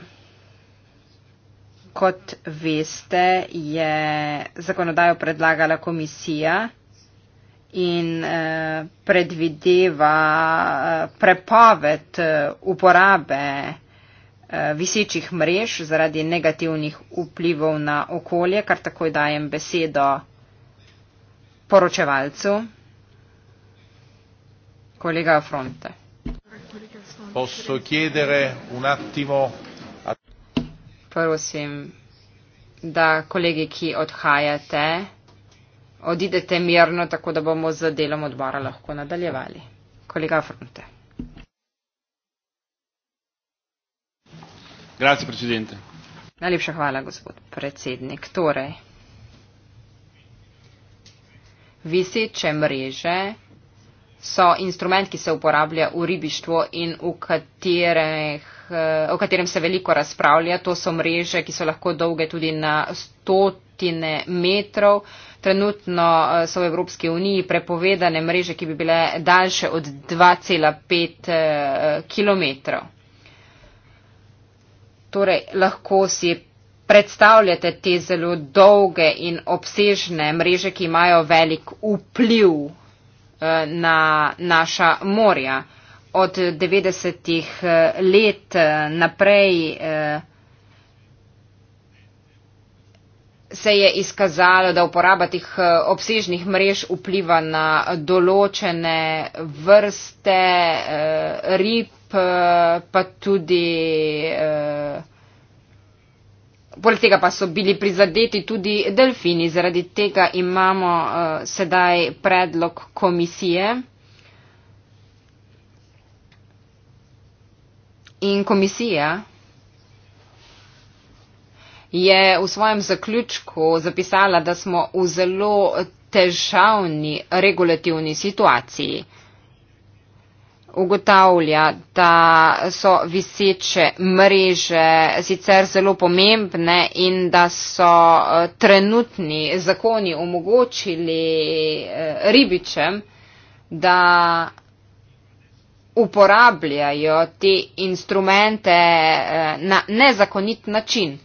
kot veste, je zakonodajo predlagala komisija in eh, predvideva eh, prepoved eh, uporabe visečih mrež zaradi negativnih vplivov na okolje, kar takoj dajem besedo poročevalcu. Kolega Fronte. Posso chiedere un attimo prosim, da kolegi, ki odhajate, odidete mirno, tako da bomo z delom odbora lahko nadaljevali. Kolega Fronte. Grazie, predsednik. Najlepša hvala, gospod predsednik. Torej, viseče mreže so instrument, ki se uporablja v ribištvu in v katerih eh, o katerem se veliko razpravlja. To so mreže, ki so lahko dolge tudi na stotine metrov. Trenutno eh, so v Evropski uniji prepovedane mreže, ki bi bile daljše od 2,5 eh, km. Torej, lahko si predstavljate te zelo dolge in obsežne mreže, ki imajo velik vpliv Eh, na naša morja. Od 90-ih eh, let eh, naprej se je izkazalo, da uporaba teh obsežnih mrež vpliva na določene vrste rib, pa tudi Poleg tega pa so bili prizadeti tudi delfini, zaradi tega imamo uh, sedaj predlog komisije. In komisija je v svojem zaključku zapisala, da smo v zelo težavni regulativni situaciji. Uh, ugotavlja, da so viseče mreže sicer zelo pomembne in da so eh, trenutni zakoni omogočili eh, ribičem, da uporabljajo te instrumente eh, na nezakonit način.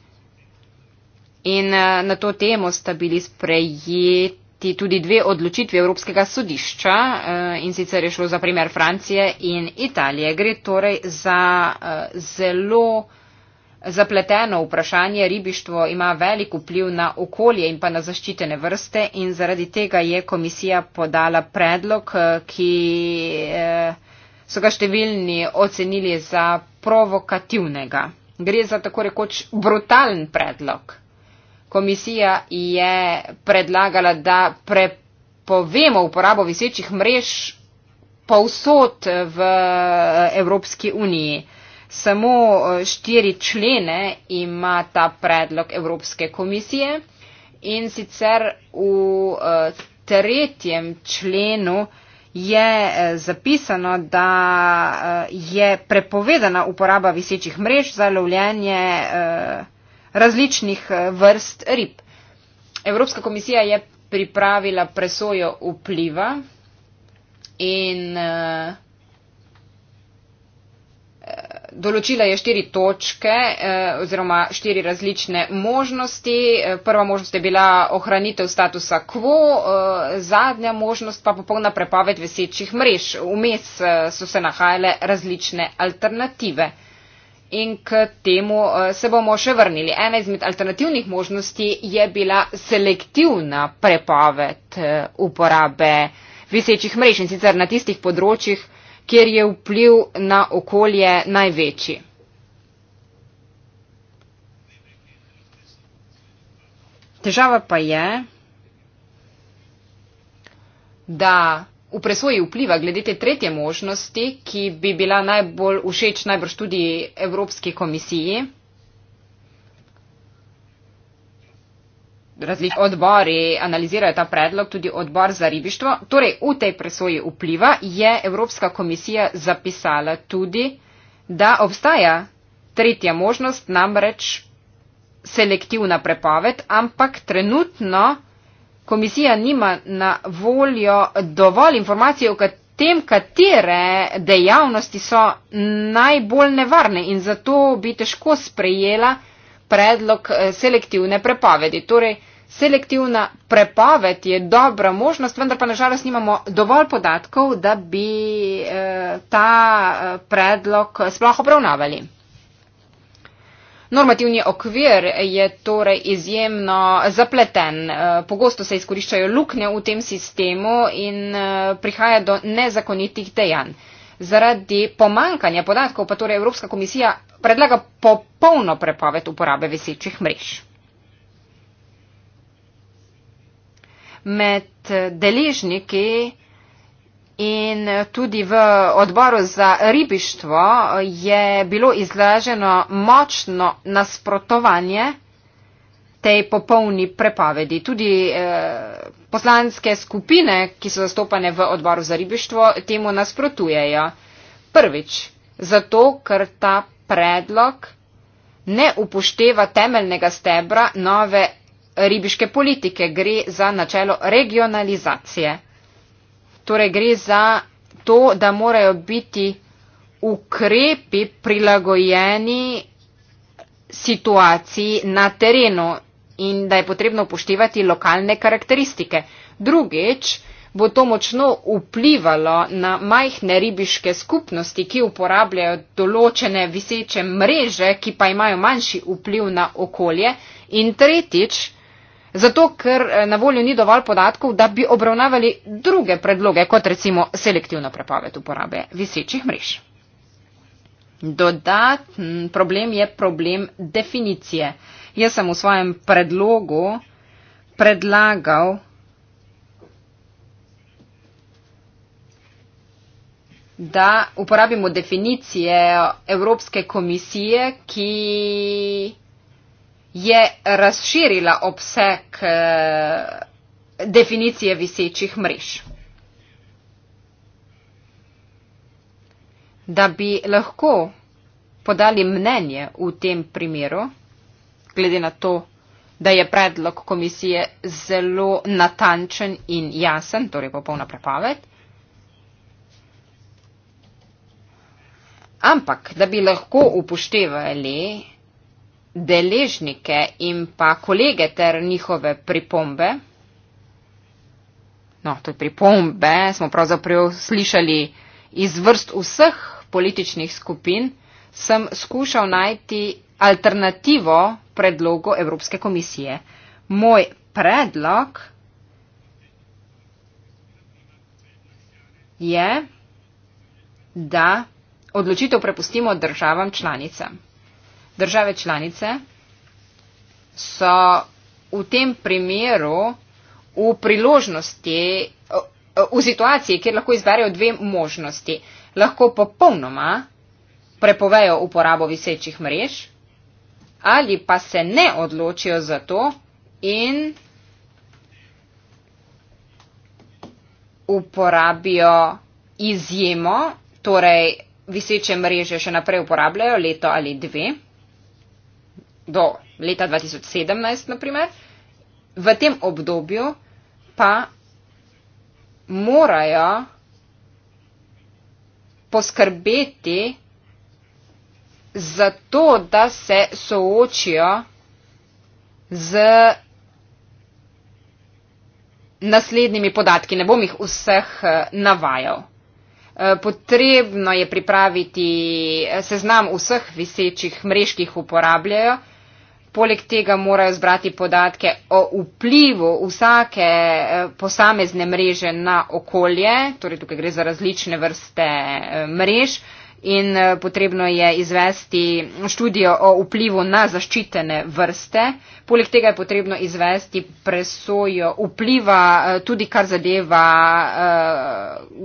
In na to temo sta bili sprejet sprejeti tudi dve odločitvi Evropskega sodišča eh, in sicer je šlo za primer Francije in Italije. Gre torej za eh, zelo zapleteno vprašanje. Ribištvo ima velik vpliv na okolje in pa na zaščitene vrste in zaradi tega je komisija podala predlog, eh, ki so ga številni ocenili za provokativnega. Gre za tako rekoč brutalen predlog komisija je predlagala, da prepovemo uporabo visečih mrež povsod v eh, Evropski uniji. Samo eh, štiri člene ima ta predlog Evropske komisije in sicer v eh, tretjem členu je zapisano, da je prepovedana uporaba visečih mrež za lovljenje eh, različnih eh, vrst rib. Evropska komisija je pripravila presojo vpliva in eh, eh, Določila je štiri točke oziroma štiri različne možnosti. Prva možnost je bila ohranitev statusa quo, zadnja možnost pa popolna prepoved vesečih mrež. Vmes so se nahajale različne alternative in k temu eh, se bomo še vrnili. Ena izmed alternativnih možnosti je bila selektivna prepoved eh, uporabe visečih mrež in sicer na tistih področjih, kjer je vpliv na okolje največji. Težava pa je, da v presoji vpliva glede te tretje možnosti, ki bi bila najbolj všeč najbrž tudi Evropski komisiji? Različni odbori analizirajo ta predlog, tudi odbor za ribištvo. Torej, v tej presoji vpliva je Evropska komisija zapisala tudi, da obstaja tretja možnost, namreč selektivna prepoved, ampak trenutno komisija nima na voljo dovolj informacij o tem, katere dejavnosti so najbolj nevarne in zato bi težko sprejela predlog eh, selektivne prepovedi. Torej, selektivna prepoved je dobra možnost, vendar pa nažalost nimamo dovolj podatkov, da bi eh, ta eh, predlog sploh obravnavali. Normativni okvir je torej izjemno zapleten. Eh, pogosto se izkoriščajo luknje v tem sistemu in eh, prihaja do nezakonitih dejanj. Zaradi pomankanja podatkov pa torej Evropska komisija predlaga popolno prepoved uporabe visečih mrež. Med deležniki In eh, tudi v odboru za ribištvo je bilo izraženo močno nasprotovanje tej popolni prepovedi. Tudi eh, poslanske skupine, ki so zastopane v odboru za ribištvo, temu nasprotujejo. Prvič, zato ker ta predlog ne upošteva temeljnega stebra nove ribiške politike, gre za načelo regionalizacije torej gre za to, da morajo biti ukrepi prilagojeni situaciji na terenu in da je potrebno upoštevati lokalne karakteristike. Drugič, bo to močno vplivalo na majhne ribiške skupnosti, ki uporabljajo določene viseče mreže, ki pa imajo manjši vpliv na okolje. In tretjič, Zato, ker eh, na voljo ni dovolj podatkov, da bi obravnavali druge predloge, kot recimo selektivno prepoved uporabe visečih mrež. Dodatn problem je problem definicije. Jaz sem v svojem predlogu predlagal. da uporabimo definicije Evropske komisije, ki je razširila obseg eh, definicije visečih mrež. Da bi lahko podali mnenje v tem primeru, glede na to, da je predlog komisije zelo natančen in jasen, torej popolna prepaved. Ampak, da bi lahko upoštevali deležnike in pa kolege ter njihove pripombe. No, to je pripombe, smo pravzaprav slišali iz vrst vseh političnih skupin, sem skušal najti alternativo predlogu Evropske komisije. Moj predlog je, da odločitev prepustimo državam članicam države članice so v tem primeru v priložnosti, eh, v situaciji, kjer lahko izberejo dve možnosti. Lahko popolnoma prepovejo uporabo visečih mrež ali pa se ne odločijo za to in uporabijo izjemo, torej viseče mreže še naprej uporabljajo leto ali dve do leta 2017, naprimer, v tem obdobju pa morajo poskrbeti za to, da se soočijo z naslednjimi podatki. Ne bom jih vseh eh, navajal. Eh, potrebno je pripraviti eh, seznam vseh visečih mrež, ki jih uporabljajo, Poleg tega morajo zbrati podatke o vplivu vsake eh, posamezne mreže na okolje, torej tukaj gre za različne vrste eh, mrež in eh, potrebno je izvesti študijo o vplivu na zaščitene vrste. Poleg tega je potrebno izvesti presojo vpliva tudi kar zadeva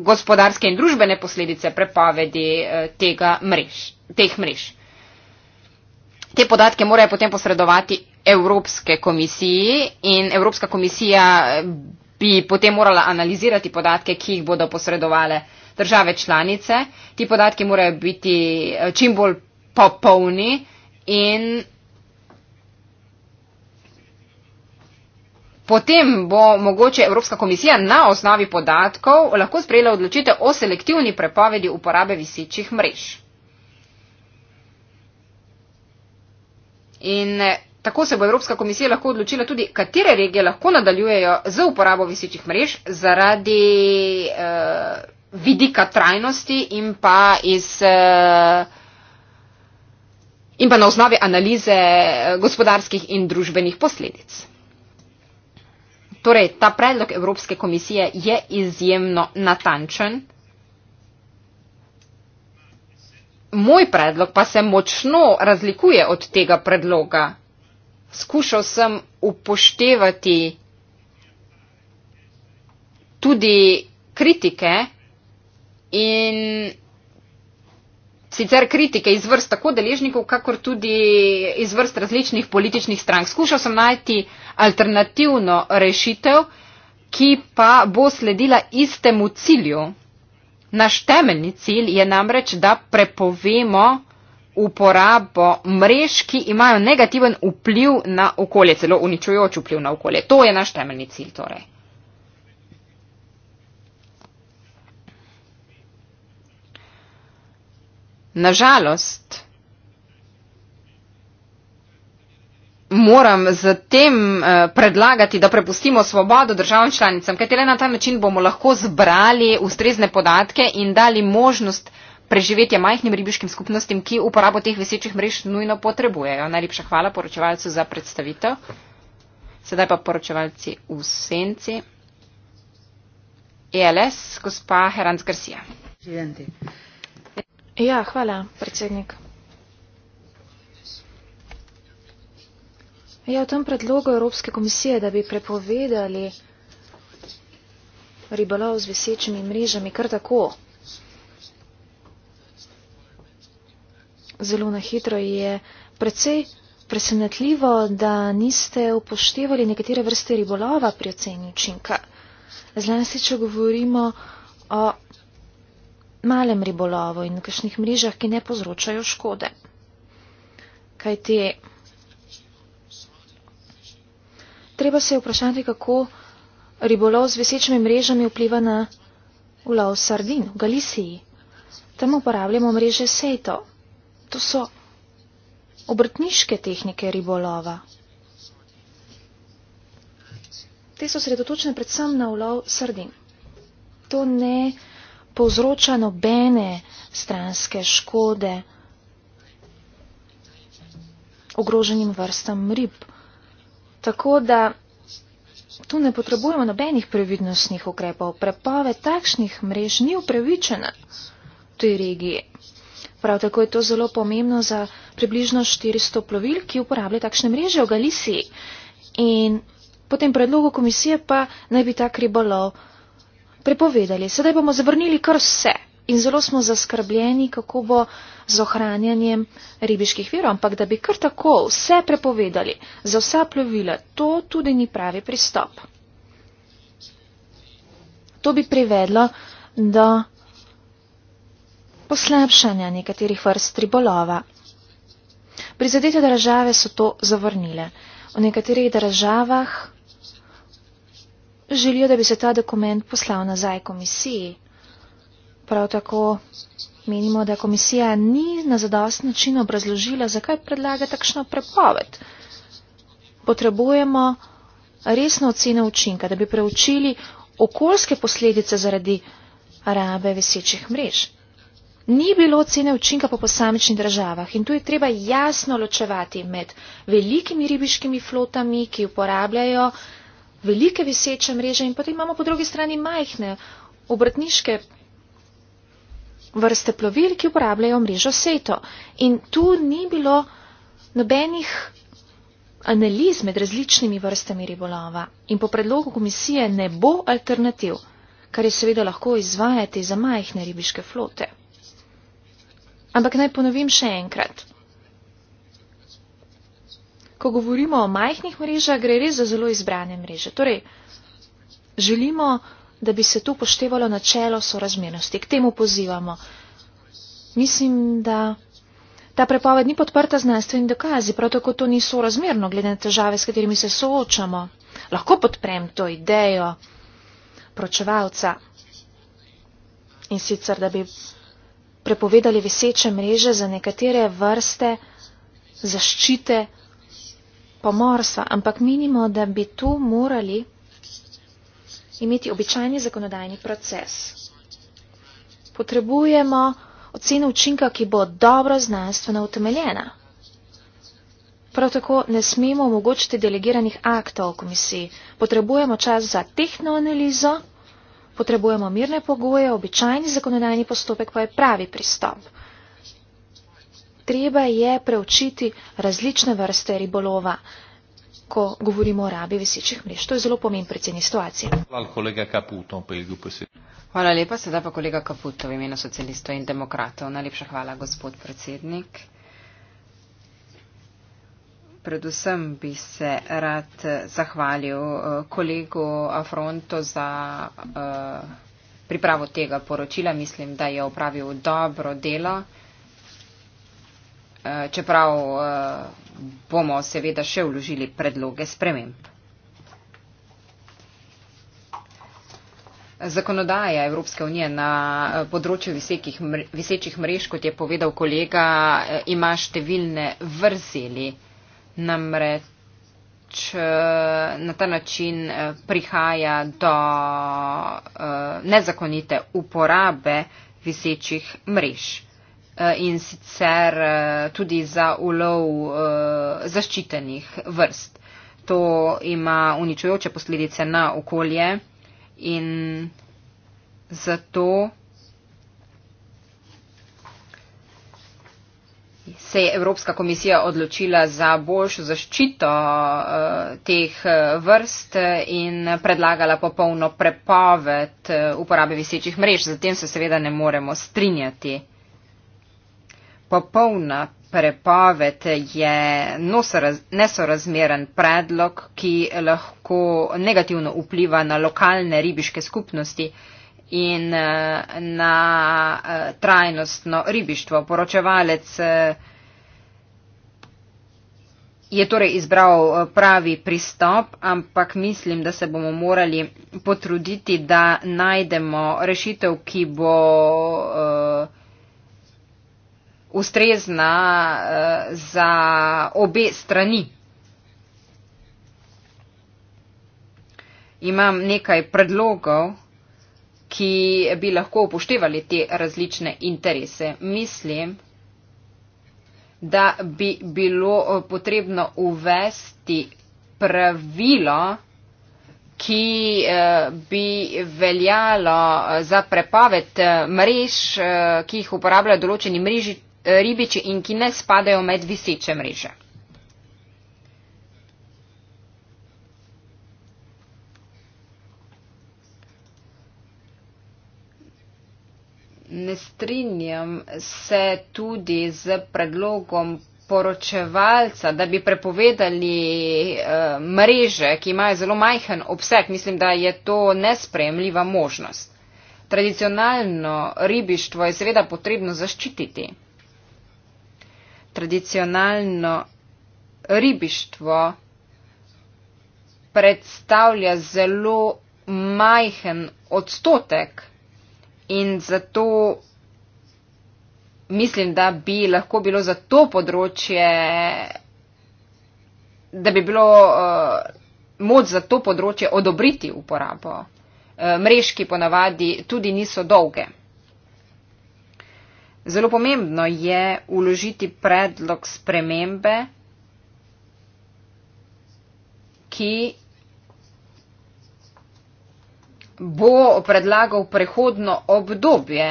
gospodarske in družbene posledice prepovedi tega mrež, teh mrež. Te podatke morajo potem posredovati Evropske komisiji in Evropska komisija eh, bi potem morala analizirati podatke, ki jih bodo posredovale države članice. Ti podatki morajo biti eh, čim bolj popolni in. Potem bo mogoče Evropska komisija na osnovi podatkov lahko sprejela odločitev o selektivni prepovedi uporabe visičih mrež. In eh, tako se bo Evropska komisija lahko odločila tudi, katere regije lahko nadaljujejo z uporabo visičih mrež zaradi uh, vidika trajnosti in pa iz. Uh, in pa na osnovi analize gospodarskih in družbenih posledic. Torej, ta predlog Evropske komisije je izjemno natančen. Moj predlog pa se močno razlikuje od tega predloga. Skušal sem upoštevati tudi kritike in sicer kritike iz vrst tako deležnikov, kakor tudi iz vrst različnih političnih strank. Skušal sem najti alternativno rešitev, ki pa bo sledila istemu cilju. Naš temeljni cilj je namreč, da prepovemo uporabo mrež, ki imajo negativen vpliv na okolje, celo uničujoč vpliv na okolje. To je naš temeljni cilj torej. Nažalost, moram z tem eh, predlagati, da prepustimo svobodo državam članicam, kajti le na ta način bomo lahko zbrali ustrezne podatke in dali možnost preživetja majhnim ribiškim skupnostim, ki uporabo teh vesečih mrež nujno potrebujejo. Najlepša hvala poročevalcu za predstavitev. Sedaj pa poročevalci v senci. ELS, gospa Heranc Garcia. Ja, hvala, predsednik. Ja, v tem predlogu Evropske komisije, da bi prepovedali ribolov z visečimi mrežami, kar tako. Zelo na hitro je precej presenetljivo, da niste upoštevali nekatere vrste ribolova pri oceni učinka. Zlasti, če govorimo o malem ribolovu in kakšnih mrežah, ki ne povzročajo škode. Kaj te? treba se vprašati, kako ribolov z vesečimi mrežami vpliva na ulov sardin v Galiciji. Tam uporabljamo mreže sejto. To so obrtniške tehnike ribolova. Te so sredotočene predvsem na ulov sardin. To ne povzroča nobene stranske škode ogroženim vrstam rib. Tako da tu ne potrebujemo nobenih previdnostnih ukrepov. Prepove takšnih mrež ni upravičena v tej regiji. Prav tako je to zelo pomembno za približno 400 plovil, ki uporabljajo takšne mreže v Galiciji. In po tem predlogu komisije pa naj bi tak ribolov prepovedali. Sedaj bomo zavrnili kar vse in zelo smo zaskrbljeni, kako bo z ohranjanjem ribiških virov. Ampak da bi kar tako vse prepovedali za vsa plovila, to tudi ni pravi pristop. To bi privedlo do poslabšanja nekaterih vrst ribolova. Prizadete države so to zavrnile. V nekaterih državah želijo, da bi se ta dokument poslal nazaj komisiji. Prav tako menimo, da komisija ni na zadost način obrazložila, zakaj predlaga takšno prepoved. Potrebujemo resno oceno učinka, da bi preučili okoljske posledice zaradi rabe visečih mrež. Ni bilo ocene učinka po posamičnih državah in tu je treba jasno ločevati med velikimi ribiškimi flotami, ki uporabljajo velike viseče mreže in potem imamo po drugi strani majhne obratniške vrste plovil, ki uporabljajo mrežo SETO. In tu ni bilo nobenih analiz med različnimi vrstami ribolova. In po predlogu komisije ne bo alternativ, kar je seveda lahko izvajati za majhne ribiške flote. Ampak naj ponovim še enkrat. Ko govorimo o majhnih mrežah, gre res za zelo izbrane mreže. Torej, želimo da bi se tu poštevalo načelo sorazmernosti. K temu pozivamo. Mislim, da ta prepoved ni podprta znanstvenimi dokazi, prav tako to ni sorazmerno, glede na težave, s katerimi se soočamo. Lahko podprem to idejo pročevalca in sicer, da bi prepovedali veseče mreže za nekatere vrste zaščite pomorstva, ampak minimo, da bi tu morali imeti običajni zakonodajni proces. Potrebujemo oceno učinka, ki bo dobro znanstveno utemeljena. Prav tako ne smemo omogočiti delegiranih aktov komisiji. Potrebujemo čas za tehno analizo, potrebujemo mirne pogoje, običajni zakonodajni postopek pa je pravi pristop. Treba je preučiti različne vrste ribolova ko govorimo o rabi visečih mrež. To je zelo pomemben predsednik situacije. Hvala lepa, sedaj pa kolega Kaputov, v imenu socialistov in demokratov. Najlepša hvala, gospod predsednik. Predvsem bi se rad eh, zahvalil eh, kolegu Afronto za eh, pripravo tega poročila. Mislim, da je opravil dobro delo, čeprav bomo seveda še vložili predloge sprememb. Zakonodaja Evropske unije na eh, področju visekih, visečih mrež, kot je povedal kolega, eh, ima številne vrzeli. Namreč eh, na ta način prihaja do nezakonite uporabe visečih mrež. Eh, in sicer eh, tudi za ulov eh, zaščitenih vrst. To ima uničujoče posledice na okolje in zato se je Evropska komisija odločila za boljšo zaščito teh vrst in predlagala popolno prepoved uporabe visečih mrež. Zatem se seveda ne moremo strinjati. Popolna prepoved je nosoraz, nesorazmeren predlog, ki lahko negativno vpliva na lokalne ribiške skupnosti in na trajnostno ribištvo. Poročevalec je torej izbral pravi pristop, ampak mislim, da se bomo morali potruditi, da najdemo rešitev, ki bo. Uh, ustrezna uh, za obe strani. Imam nekaj predlogov, ki bi lahko upoštevali te različne interese. Mislim, da bi bilo eh, potrebno uvesti pravilo, ki eh, bi veljalo za prepoved mrež, ki jih uporabljajo določeni mreži ribiči in ki ne spadajo med viseče mreže. Ne strinjam se tudi z predlogom poročevalca, da bi prepovedali eh, mreže, ki imajo zelo majhen obseg. Mislim, da je to nespremljiva možnost. Tradicionalno ribištvo je seveda potrebno zaščititi tradicionalno ribištvo predstavlja zelo majhen odstotek in zato mislim, da bi lahko bilo za to področje, da bi bilo uh, moč za to področje odobriti uporabo. Uh, eh, mrežki ponavadi tudi niso dolge. Zelo pomembno je uložiti predlog spremembe, ki bo predlagal prehodno obdobje.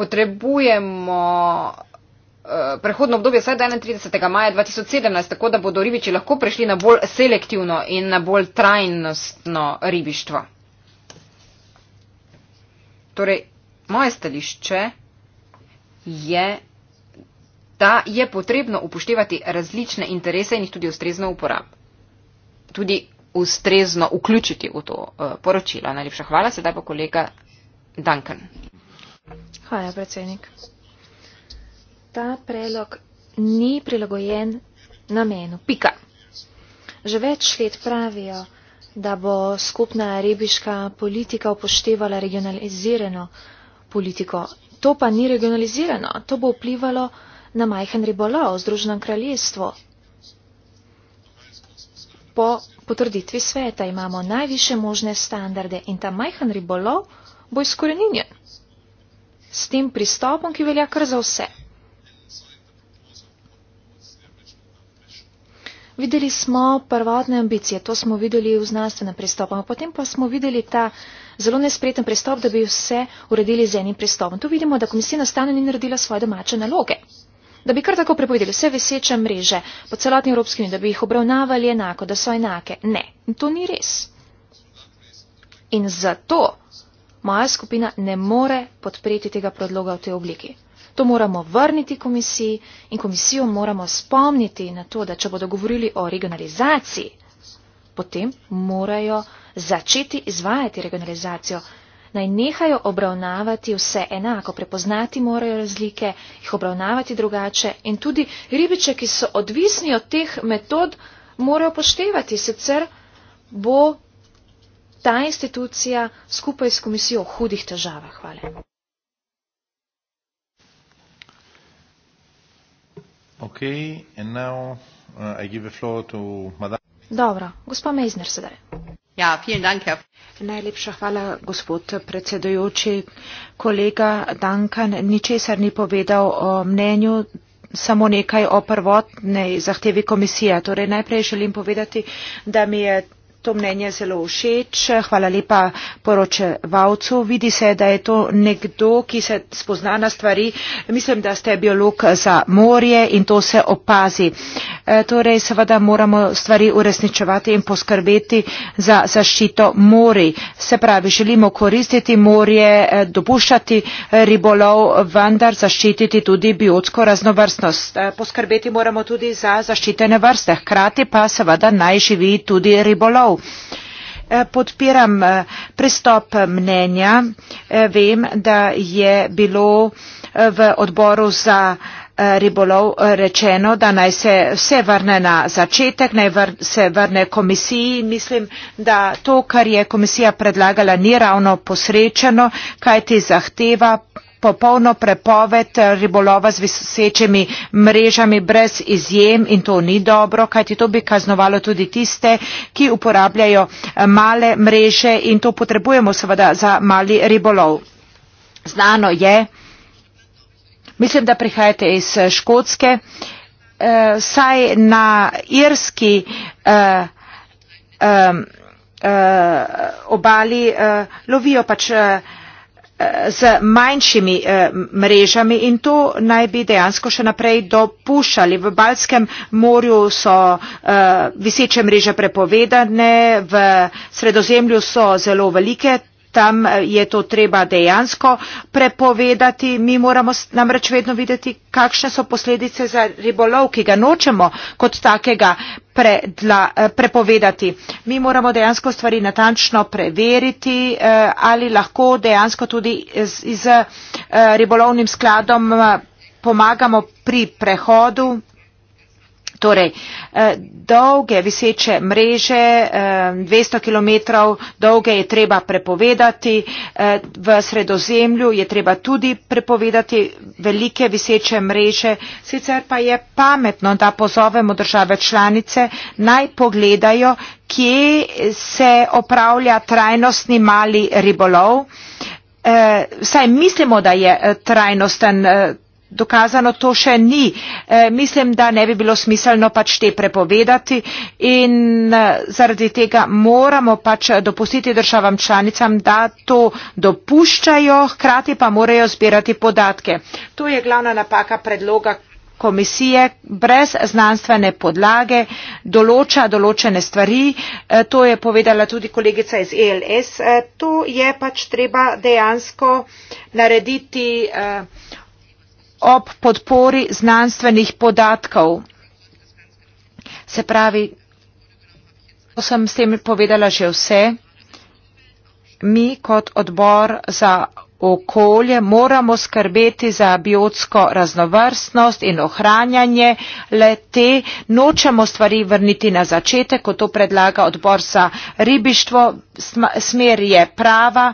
Potrebujemo eh, prehodno obdobje vsaj do 31. maja 2017, tako da bodo ribiči lahko prešli na bolj selektivno in na bolj trajnostno ribištvo. Torej, moje stališče je, da je potrebno upoštevati različne interese in jih tudi ustrezno uporabiti. Tudi ustrezno vključiti v to uh, poročilo. Najlepša hvala, sedaj pa kolega Duncan. Hvala, predsednik. Ta prelog ni prilagojen namenu. Pika. Že več let pravijo, da bo skupna ribiška politika upoštevala regionalizirano uh, politiko. To pa ni regionalizirano, to bo vplivalo na majhen ribolov v Združenem kraljestvu. Po potrditvi sveta imamo najviše možne standarde in ta majhen ribolov bo izkoreninjen s tem pristopom, ki velja kar za vse. Videli smo prvotne ambicije, to smo videli v znanstvenem pristopu, potem pa smo videli ta zelo nespreten pristop, da bi vse uredili z enim pristopom. Tu vidimo, da komisija nastane ni naredila svoje domače naloge. Da bi kar tako prepovedali vse veseče mreže po celotni Evropski uniji, da bi jih obravnavali enako, da so enake. Ne, to ni res. In zato moja skupina ne more podpreti tega predloga v tej obliki. To moramo vrniti komisiji in komisijo moramo spomniti na to, da če bodo govorili o regionalizaciji, potem morajo začeti izvajati regionalizacijo. Naj nehajo obravnavati vse enako, prepoznati morajo razlike, jih obravnavati drugače in tudi ribiče, ki so odvisni od teh metod, morajo poštevati, sicer bo ta institucija skupaj s komisijo v hudih težavah. Hvala. Okay, and now uh, I give the floor to Madame. Dobro, gospod Mejzner sedaj. Ja, vielen Dank, Herr. Najlepša hvala, gospod predsedujoči. Kolega Duncan ničesar ni povedal o mnenju, samo nekaj o prvotnej zahtevi komisije. Torej, najprej želim povedati, da mi je to mnenje zelo všeč. Hvala lepa poročevalcu. Vidi se, da je to nekdo, ki se spozna na stvari. Mislim, da ste biolog za morje in to se opazi. E, torej, seveda moramo stvari uresničevati in poskrbeti za zaščito mori. Se pravi, želimo koristiti morje, e, dopuščati ribolov, vendar zaščititi tudi biotsko raznovrstnost. E, poskrbeti moramo tudi za zaščitene vrste. Hkrati pa seveda naj živi tudi ribolov držav. E, podpiram e, pristop mnenja. E, vem, da je bilo v odboru za ribolov rečeno, da naj se vse vrne na začetek, naj vr se vrne komisiji. Mislim, da to, kar je komisija predlagala, ni ravno posrečeno, kaj ti zahteva popolno prepoved eh, ribolova z visečimi mrežami brez izjem in to ni dobro, kajti to bi kaznovalo tudi tiste, ki uporabljajo eh, male mreže in to potrebujemo seveda za mali ribolov. Znano je, mislim, da prihajate iz eh, Škotske, eh, saj na irski eh, eh, obali eh, lovijo pač. Eh, Eh, z manjšimi eh, mrežami in to naj bi dejansko še naprej dopuščali. V Balskem morju so eh, viseče mreže prepovedane, v sredozemlju so zelo velike tam eh, je to treba dejansko prepovedati. Mi moramo namreč vedno videti, kakšne so posledice za ribolov, ki ga nočemo kot takega predla, eh, prepovedati. Mi moramo dejansko stvari natančno preveriti, eh, ali lahko dejansko tudi z, z ribolovnim skladom pomagamo pri prehodu Torej, eh, dolge viseče mreže, 200 eh, km dolge je treba prepovedati, eh, v sredozemlju je treba tudi prepovedati velike viseče mreže, sicer pa je pametno, da pozovemo države članice naj pogledajo, kje se opravlja trajnostni mali ribolov. Vsaj mislimo, da je trajnosten dokazano to še ni. E, mislim, da ne bi bilo smiselno pač te prepovedati in e, zaradi tega moramo pač eh, dopustiti državam članicam, da to dopuščajo, hkrati pa morajo zbirati podatke. To je glavna napaka predloga komisije brez znanstvene podlage določa določene stvari. To je povedala tudi kolegica iz ELS. To je pač treba dejansko narediti ob podpori znanstvenih podatkov. Se pravi, to sem s tem povedala že vse, mi kot odbor za okolje moramo skrbeti za biotsko raznovrstnost in ohranjanje, le te nočemo stvari vrniti na začetek, kot to predlaga odbor za ribištvo, smer je prava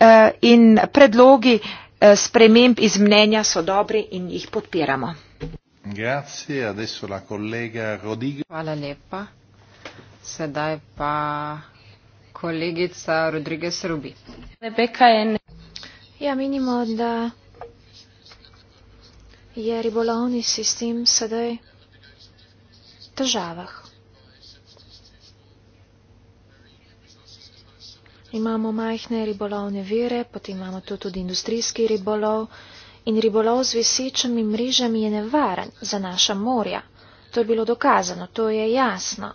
eh, in predlogi Eh, sprememb iz mnenja so dobri in jih podpiramo. Hvala lepa. Sedaj pa kolegica Rodriguez Rubi. Ja, menimo, da je ribolovni sistem sedaj v težavah. Imamo majhne ribolovne vire, potem imamo tu tudi industrijski ribolov in ribolov z visečimi mrežami je nevaren za naša morja. To je bilo dokazano, to je jasno.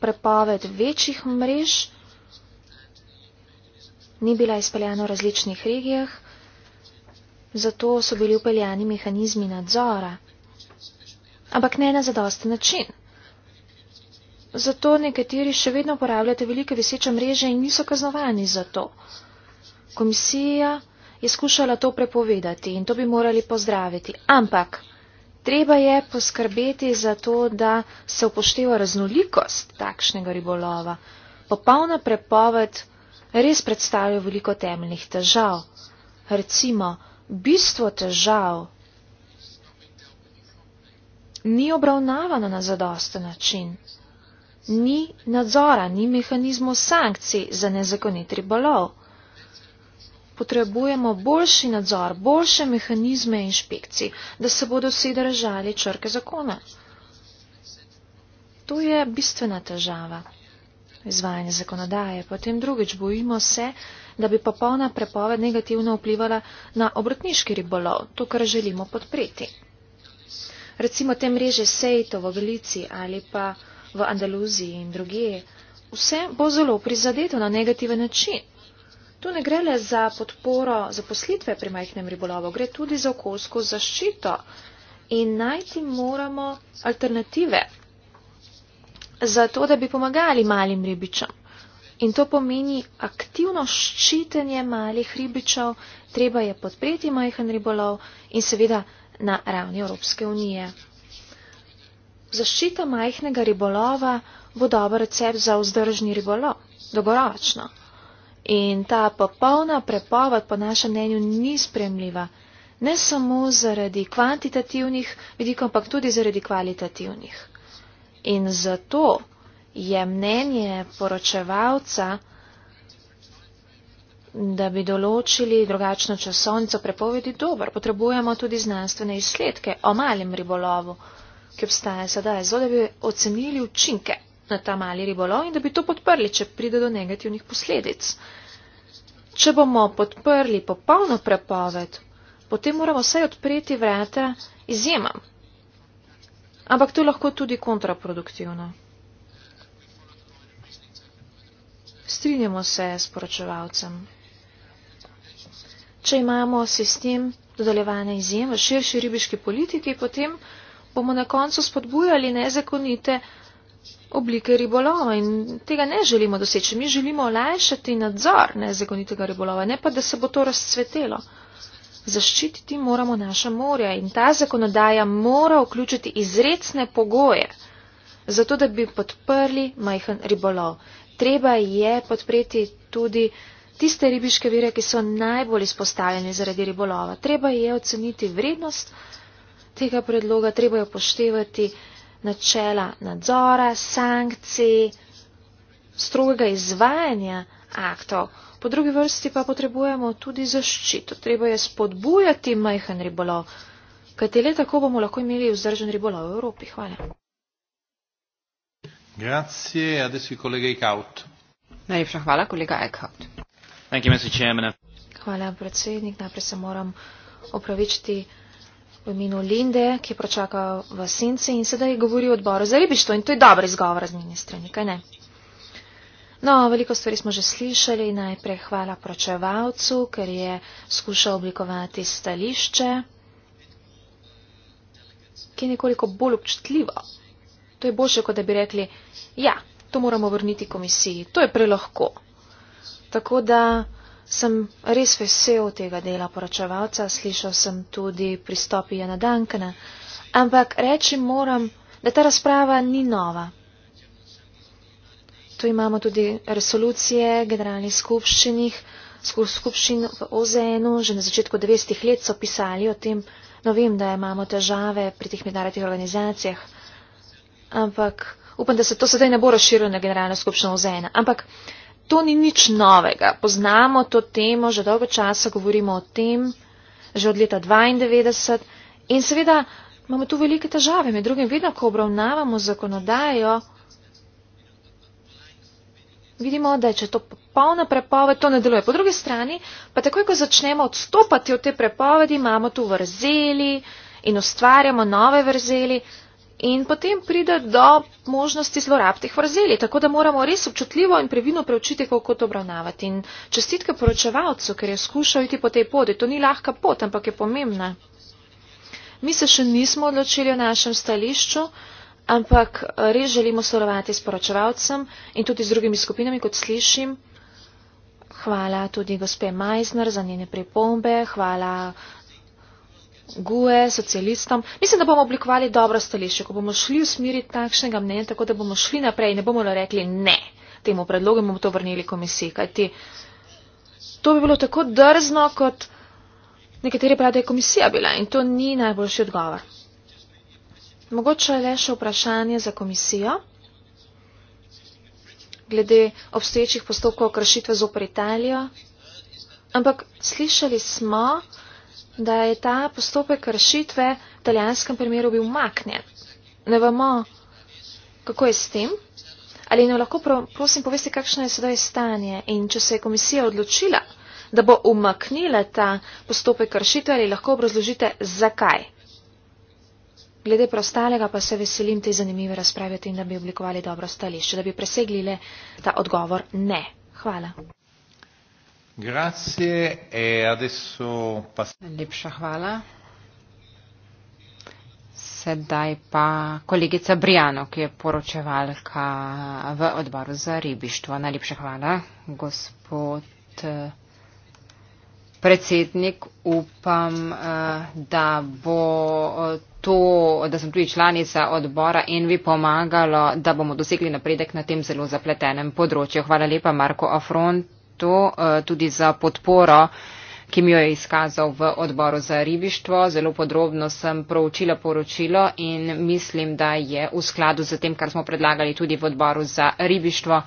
Prepoved večjih mrež ni bila izpeljana v različnih regijah, zato so bili upeljani mehanizmi nadzora, ampak ne na zadosten način. Zato nekateri še vedno uporabljate velike viseče mreže in niso kaznovani za to. Komisija je skušala to prepovedati in to bi morali pozdraviti. Ampak treba je poskrbeti za to, da se upošteva raznolikost takšnega ribolova. Popolna prepoved res predstavlja veliko temeljnih težav. Recimo, bistvo težav ni obravnavano na zadosten način ni nadzora, ni mehanizmov sankcij za nezakonit ribolov. Potrebujemo boljši nadzor, boljše mehanizme inšpekcij, da se bodo vsi držali črke zakona. To je bistvena težava izvajanja zakonodaje. Potem drugič bojimo se, da bi popolna prepoved negativno vplivala na obrotniški ribolov, to, kar želimo podpreti. Recimo te mreže Sejto v Galici ali pa v Andaluziji in druge, vse bo zelo prizadeto na negativen način. Tu ne gre le za podporo zaposlitve pri majhnem ribolovu, gre tudi za okoljsko zaščito in najti moramo alternative za to, da bi pomagali malim ribičem. In to pomeni aktivno ščitenje malih ribičev, treba je podpreti majhen ribolov in seveda na ravni Evropske unije. Zaščita majhnega ribolova bo dober recept za vzdržni ribolov, dolgoročno. In ta popolna prepoved po našem mnenju ni spremljiva, ne samo zaradi kvantitativnih vidikov, ampak tudi zaradi kvalitativnih. In zato je mnenje poročevalca, da bi določili drugačno časovnico prepovedi dober. Potrebujemo tudi znanstvene izsledke o malem ribolovu ki obstaja sedaj, zelo da bi ocenili učinke na ta mali ribolov in da bi to podprli, če pride do negativnih posledic. Če bomo podprli popolno prepoved, potem moramo vsaj odpreti vrata izjemam. Ampak to je lahko tudi kontraproduktivno. Strinjamo se s poročevalcem. Če imamo sistem dodeljevanja izjem v širši ribiški politiki, potem bomo na koncu spodbujali nezakonite oblike ribolova in tega ne želimo doseči. Mi želimo olajšati nadzor nezakonitega ribolova, ne pa, da se bo to razcvetelo. Zaščititi moramo naša morja in ta zakonodaja mora vključiti izredne pogoje, zato da bi podprli majhen ribolov. Treba je podpreti tudi tiste ribiške vire, ki so najbolj izpostavljeni zaradi ribolova. Treba je oceniti vrednost tega predloga treba je poštevati načela nadzora, sankcij, strogega izvajanja aktov. Po drugi vrsti pa potrebujemo tudi zaščito. Treba je spodbujati majhen ribolov, kajte le tako bomo lahko imeli vzdržen ribolov v Evropi. Hvala. Grazie, adesso il collega Eckhout. Najlepša hvala, kolega Eckhout. Thank you, Mr. Chairman. Hvala, predsednik. Najprej se moram opravičiti v imenu Linde, ki je pročakal v Sence in sedaj govori o odboru za ribištvo in to je dober izgovor z njene strani, kaj ne? No, veliko stvari smo že slišali. Najprej hvala pročevalcu, ker je skušal oblikovati stališče, ki je nekoliko bolj občutljivo. To je boljše, kot da bi rekli, ja, to moramo vrniti komisiji, to je prelahko. Tako da. Sem res vesel tega dela poročevalca, slišal sem tudi pristop Jana Dankana, ampak reči moram, da ta razprava ni nova. Tu imamo tudi resolucije generalnih skupščinih, skupščin v OZN-u, že na začetku 90. let so pisali o tem, no vem, da imamo težave pri teh mednarodnih organizacijah, ampak upam, da se to sedaj ne bo razširilo na generalno skupščino OZN-a. Ampak to ni nič novega. Poznamo to temo, že dolgo časa govorimo o tem, že od leta 92. In seveda imamo tu velike težave. Med drugim, vedno, ko obravnavamo zakonodajo, vidimo, da je, če je to popolna prepoved, to ne deluje. Po drugi strani, pa takoj, ko začnemo odstopati od te prepovedi, imamo tu vrzeli in ustvarjamo nove vrzeli in potem pride do možnosti zlorab teh vrzeli. Tako da moramo res občutljivo in previno preučiti, kako to obravnavati. In čestitke poročevalcu, ker je skušal iti po tej poti. To ni lahka pot, ampak je pomembna. Mi se še nismo odločili o našem stališču, ampak res želimo sodelovati s poročevalcem in tudi z drugimi skupinami, kot slišim. Hvala tudi gospe Majzner za njene pripombe, hvala GUE, socialistom. Mislim, da bomo oblikovali dobro stališče, ko bomo šli v smeri takšnega mnenja, tako da bomo šli naprej in ne bomo rekli ne temu predlogu in bomo to vrnili komisiji. Kajti to bi bilo tako drzno, kot nekateri pravijo, da je komisija bila in to ni najboljši odgovor. Mogoče je le še vprašanje za komisijo glede obstoječih postopkov kršitve z oper Italijo. Ampak slišali smo, da je ta postopek rešitve v italijanskem primeru bil maknjen. Ne vemo, kako je s tem. Ali nam lahko prosim poveste, kakšno je sedaj stanje in če se je komisija odločila, da bo umaknila ta postopek rešitve, ali lahko obrazložite, zakaj. Glede preostalega pa se veselim te zanimive razprave in da bi oblikovali dobro stališče, da bi presegli le ta odgovor ne. Hvala. Grazie e adesso Lepša hvala. Sedaj pa kolegica Briano, ki je poročevalka v odboru za ribištvo. Najlepša hvala, gospod eh, predsednik. Upam, eh, da bo eh, to, da sem tudi članica odbora in vi pomagalo, da bomo dosegli napredek na tem zelo zapletenem področju. Hvala lepa, Marko Afront to eh, tudi za podporo ki mi jo je izkazal v odboru za ribištvo. Zelo podrobno sem proučila poročilo in mislim, da je v skladu z tem, kar smo predlagali tudi v odboru za ribištvo.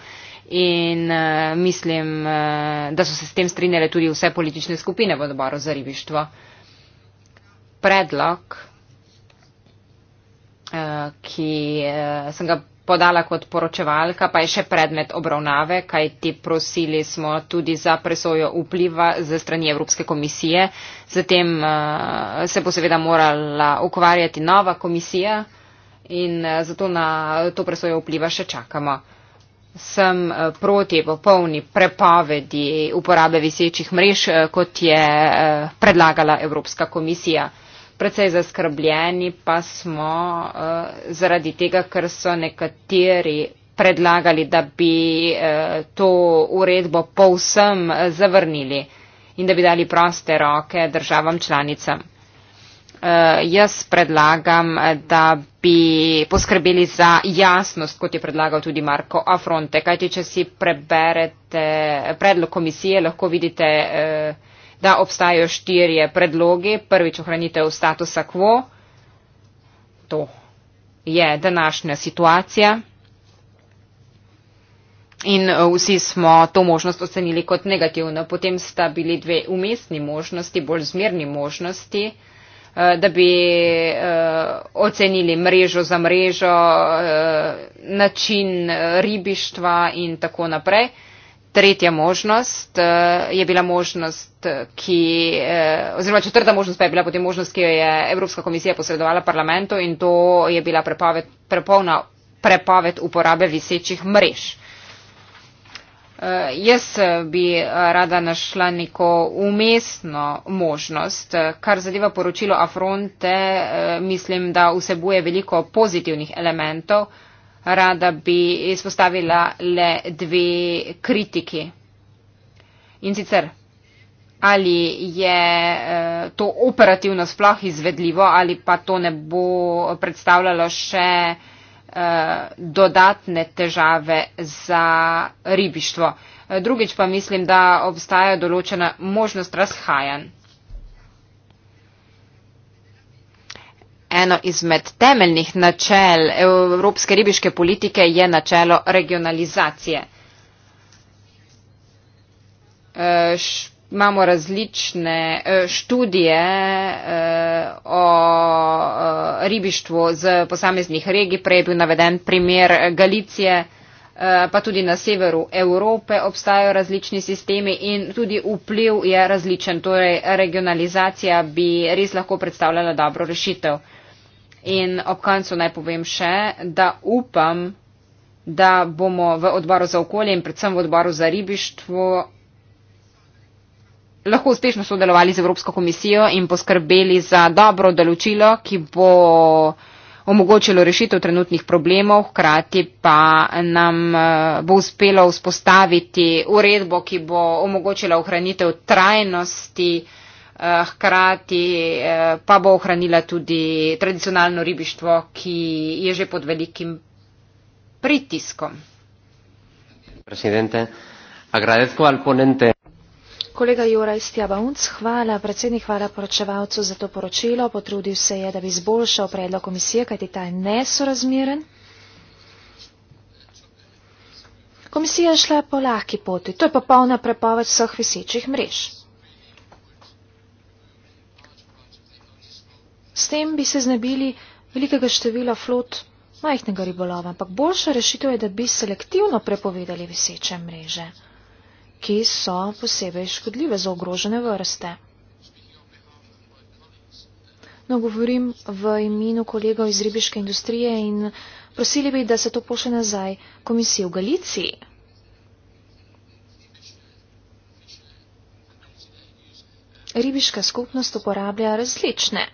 In eh, mislim, eh, da so se s tem strinjale tudi vse politične skupine v odboru za ribištvo. Predlog, ki sem ga podala kot poročevalka, pa je še predmet obravnave, kaj ti prosili smo tudi za presojo vpliva ze strani Evropske komisije. Zatem eh, se bo seveda morala ukvarjati nova komisija in eh, zato na to presojo vpliva še čakamo. Sem eh, proti popolni prepovedi uporabe visečih mrež, kot je predlagala Evropska komisija precej zaskrbljeni pa smo uh, zaradi tega, ker so nekateri predlagali, da bi uh, to uredbo povsem uh, zavrnili in da bi dali proste roke državam članicam. Uh, jaz predlagam, da bi poskrbeli za jasnost, kot je predlagal tudi Marko Afronte, kajti če si preberete predlog komisije, lahko vidite. Uh, da obstajajo štirje predlogi. Prvič ohranitev statusa quo, to je današnja situacija. In eh, vsi smo to možnost ocenili kot negativno. Potem sta bili dve umestni možnosti, bolj zmerni možnosti, eh, da bi eh, ocenili mrežo za mrežo, način ribištva in tako naprej. Tretja možnost eh, je bila možnost, ki, eh, oziroma četrta možnost pa je bila potem možnost, ki jo je Evropska komisija posredovala parlamentu in to je bila prepoved, prepolna prepoved uporabe visečih mrež. Eh, jaz bi rada našla neko umestno možnost, kar zadeva poročilo Afronte, mislim, da vsebuje veliko pozitivnih elementov, rada bi izpostavila le dve kritiki. In sicer, ali je eh, to operativno sploh izvedljivo ali pa to ne bo predstavljalo še eh, dodatne težave za ribištvo. Eh, drugič pa mislim, da obstaja določena možnost razhajanj. eno izmed temeljnih načel evropske ribiške politike je načelo regionalizacije. E, imamo različne e, študije e, o ribištvu z posameznih regij, prej je bil naveden primer Galicije, pa tudi na severu Evrope obstajajo različni sistemi in tudi vpliv je različen. Torej regionalizacija bi res lahko predstavljala dobro rešitev. In ob koncu naj povem še, da upam, da bomo v odboru za okolje in predvsem v odboru za ribištvo lahko uspešno sodelovali z Evropsko komisijo in poskrbeli za dobro določilo, ki bo omogočilo rešitev trenutnih problemov, hkrati pa nam eh, bo uspelo vzpostaviti uredbo, ki bo omogočila ohranitev trajnosti. Eh, hkrati eh, pa bo ohranila tudi tradicionalno ribištvo, ki je že pod velikim pritiskom. Kolega Jura iz Tjabaunc, hvala, predsednik, hvala poročevalcu za to poročilo. Potrudil se je, da bi izboljšal predlog komisije, kajti ta je nesorazmeren. Komisija je šla po lahki poti, to je popolna prepoved vseh visečih mrež. S tem bi se znebili velikega števila flot majhnega ribolova, ampak boljša rešitev je, da bi selektivno prepovedali viseče mreže, ki so posebej škodljive za ogrožene vrste. No, govorim v imenu kolegov iz ribiške industrije in prosili bi, da se to pošle nazaj komisiji v Galiciji. Ribiška skupnost uporablja različne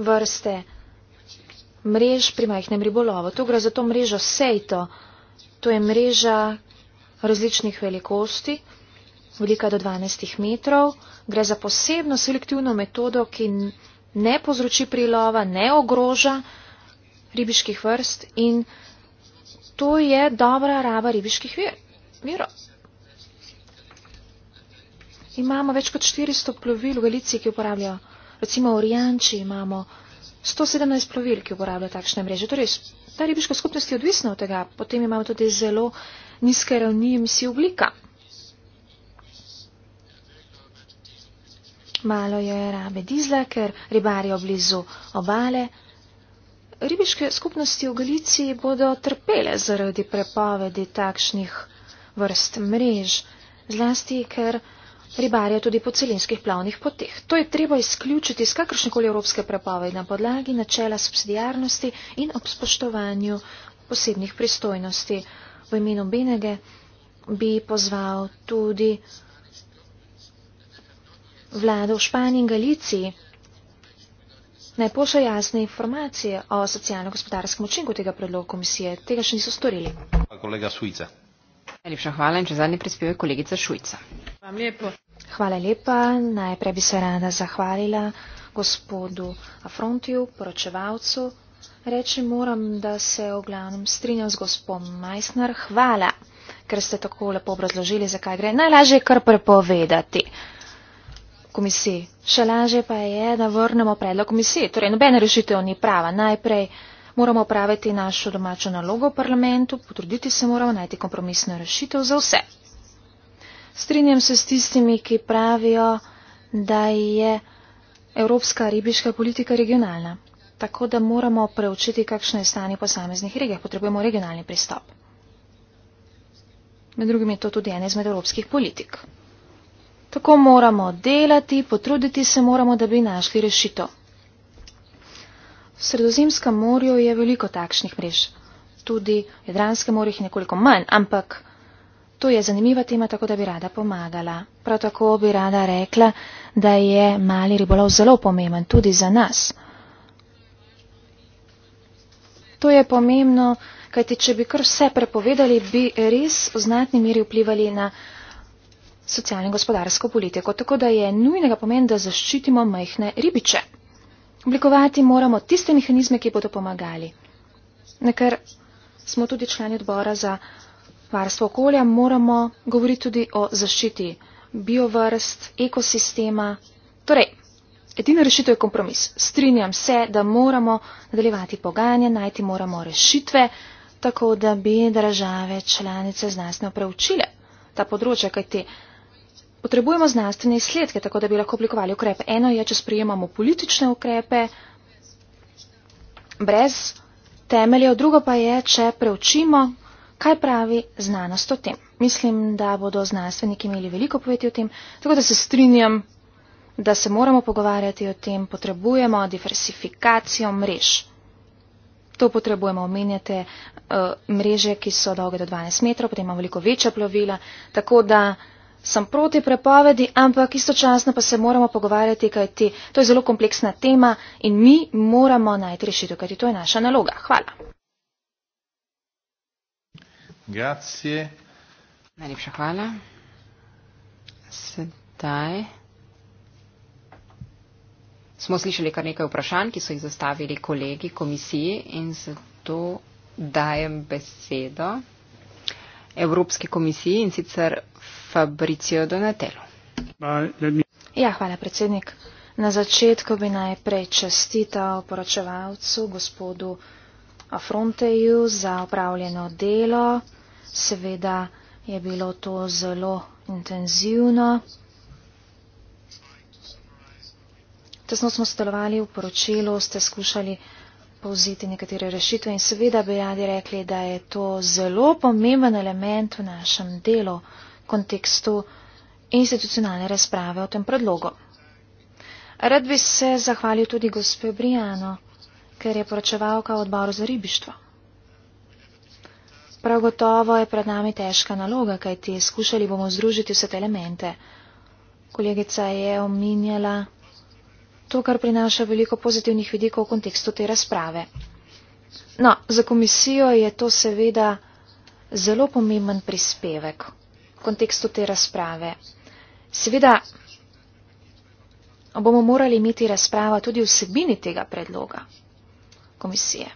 vrste mrež pri majhnem ribolovu. Tu gre za to mrežo Sejto. To je mreža različnih velikosti, velika do 12 metrov. Gre za posebno selektivno metodo, ki ne povzroči prilova, ne ogroža ribiških vrst in to je dobra raba ribiških virov. Imamo več kot 400 plovil v Galiciji, ki uporabljajo. Recimo v Rijanči imamo 117 plovil, ki uporabljajo takšne mreže. Torej, ta ribiška skupnost je odvisna od tega. Potem imamo tudi zelo nizke ravni emisij oglika. Malo je rabe dizla, ker ribarijo blizu obale. Ribiške skupnosti v Galiciji bodo trpele zaradi prepovedi takšnih vrst mrež, zlasti ker. Ribarje tudi po celinskih plavnih poteh. To je treba izključiti iz kakršnekoli evropske prepovedi na podlagi načela subsidijarnosti in ob spoštovanju posebnih pristojnosti. V imenu Benege bi pozval tudi vlado v Španiji in Galiciji naj pošlje jasne informacije o socialno-gospodarskem učinku tega predloga komisije. Tega še niso storili. Kolega Suica. Najlepša hvala in če zadnji prispevek kolegica Šujca. Vam lepo. Hvala lepa. Najprej bi se rada zahvalila gospodu Afrontiju, poročevalcu. Reči moram, da se v glavnem strinjam z gospom Majsner. Hvala, ker ste tako lepo obrazložili, zakaj gre. Najlažje je kar prepovedati komisiji. Še lažje pa je, da vrnemo predlog komisiji. Torej, nobena rešitev ni prava. Najprej moramo opraviti našo domačo nalogo v parlamentu, potruditi se moramo najti kompromisno rešitev za vse. Strinjam se s tistimi, ki pravijo, da je evropska ribiška politika regionalna. Tako da moramo preučiti, kakšno je stanje posameznih regij. Potrebujemo regionalni pristop. Med drugim je to tudi ena izmed evropskih politik. Tako moramo delati, potruditi se moramo, da bi našli rešitev. V sredozemskem morju je veliko takšnih mrež. Tudi v Jadranskem morju je nekoliko manj, ampak To je zanimiva tema, tako da bi rada pomagala. Prav tako bi rada rekla, da je mali ribolov zelo pomemben tudi za nas. To je pomembno, kajti če bi kar vse prepovedali, bi res v znatni meri vplivali na socialno in gospodarsko politiko, tako da je nujnega pomena, da zaščitimo majhne ribiče. Oblikovati moramo tiste mehanizme, ki bodo pomagali. Nekar smo tudi člani odbora za varstvo okolja, moramo govoriti tudi o zaščiti biovrst, ekosistema. Torej, edina rešitev je kompromis. Strinjam se, da moramo nadaljevati pogajanje, najti moramo rešitve, tako da bi države članice znanstveno preučile ta področja, kajti potrebujemo znanstvene izsledke, tako da bi lahko oblikovali ukrepe. Eno je, če sprejemamo politične ukrepe brez temeljev, drugo pa je, če preučimo kaj pravi znanost o tem. Mislim, da bodo znanstveniki imeli veliko poveti o tem, tako da se strinjam, da se moramo pogovarjati o tem, potrebujemo diversifikacijo mrež. To potrebujemo, omenjate eh, mreže, ki so dolge do 12 metrov, potem imamo veliko večja plovila, tako da sem proti prepovedi, ampak istočasno pa se moramo pogovarjati, kaj ti, to je zelo kompleksna tema in mi moramo najti rešitev, kaj ti to je naša naloga. Hvala. Grazie. Najlepša hvala. Sedaj. Smo slišali kar nekaj vprašanj, ki so jih zastavili kolegi komisiji in zato dajem besedo Evropske komisiji in sicer Fabricio Donatello. Ja, hvala predsednik. Na začetku bi najprej čestital poročevalcu gospodu Afronteju za upravljeno delo. Seveda je bilo to zelo intenzivno. Tesno smo sodelovali v poročilu, ste skušali povziti nekatere rešitve in seveda bi radi rekli, da je to zelo pomemben element v našem delu v kontekstu institucionalne razprave o tem predlogu. Rad bi se zahvalil tudi gospe Brijano, ker je poročevalka odboru za ribištvo. Prav gotovo je pred nami težka naloga, kajti skušali bomo združiti vse te elemente. Kolegica je omenjala to, kar prinaša veliko pozitivnih vidikov v kontekstu te razprave. No, za komisijo je to seveda zelo pomemben prispevek v kontekstu te razprave. Seveda bomo morali imeti razprava tudi vsebini tega predloga komisije.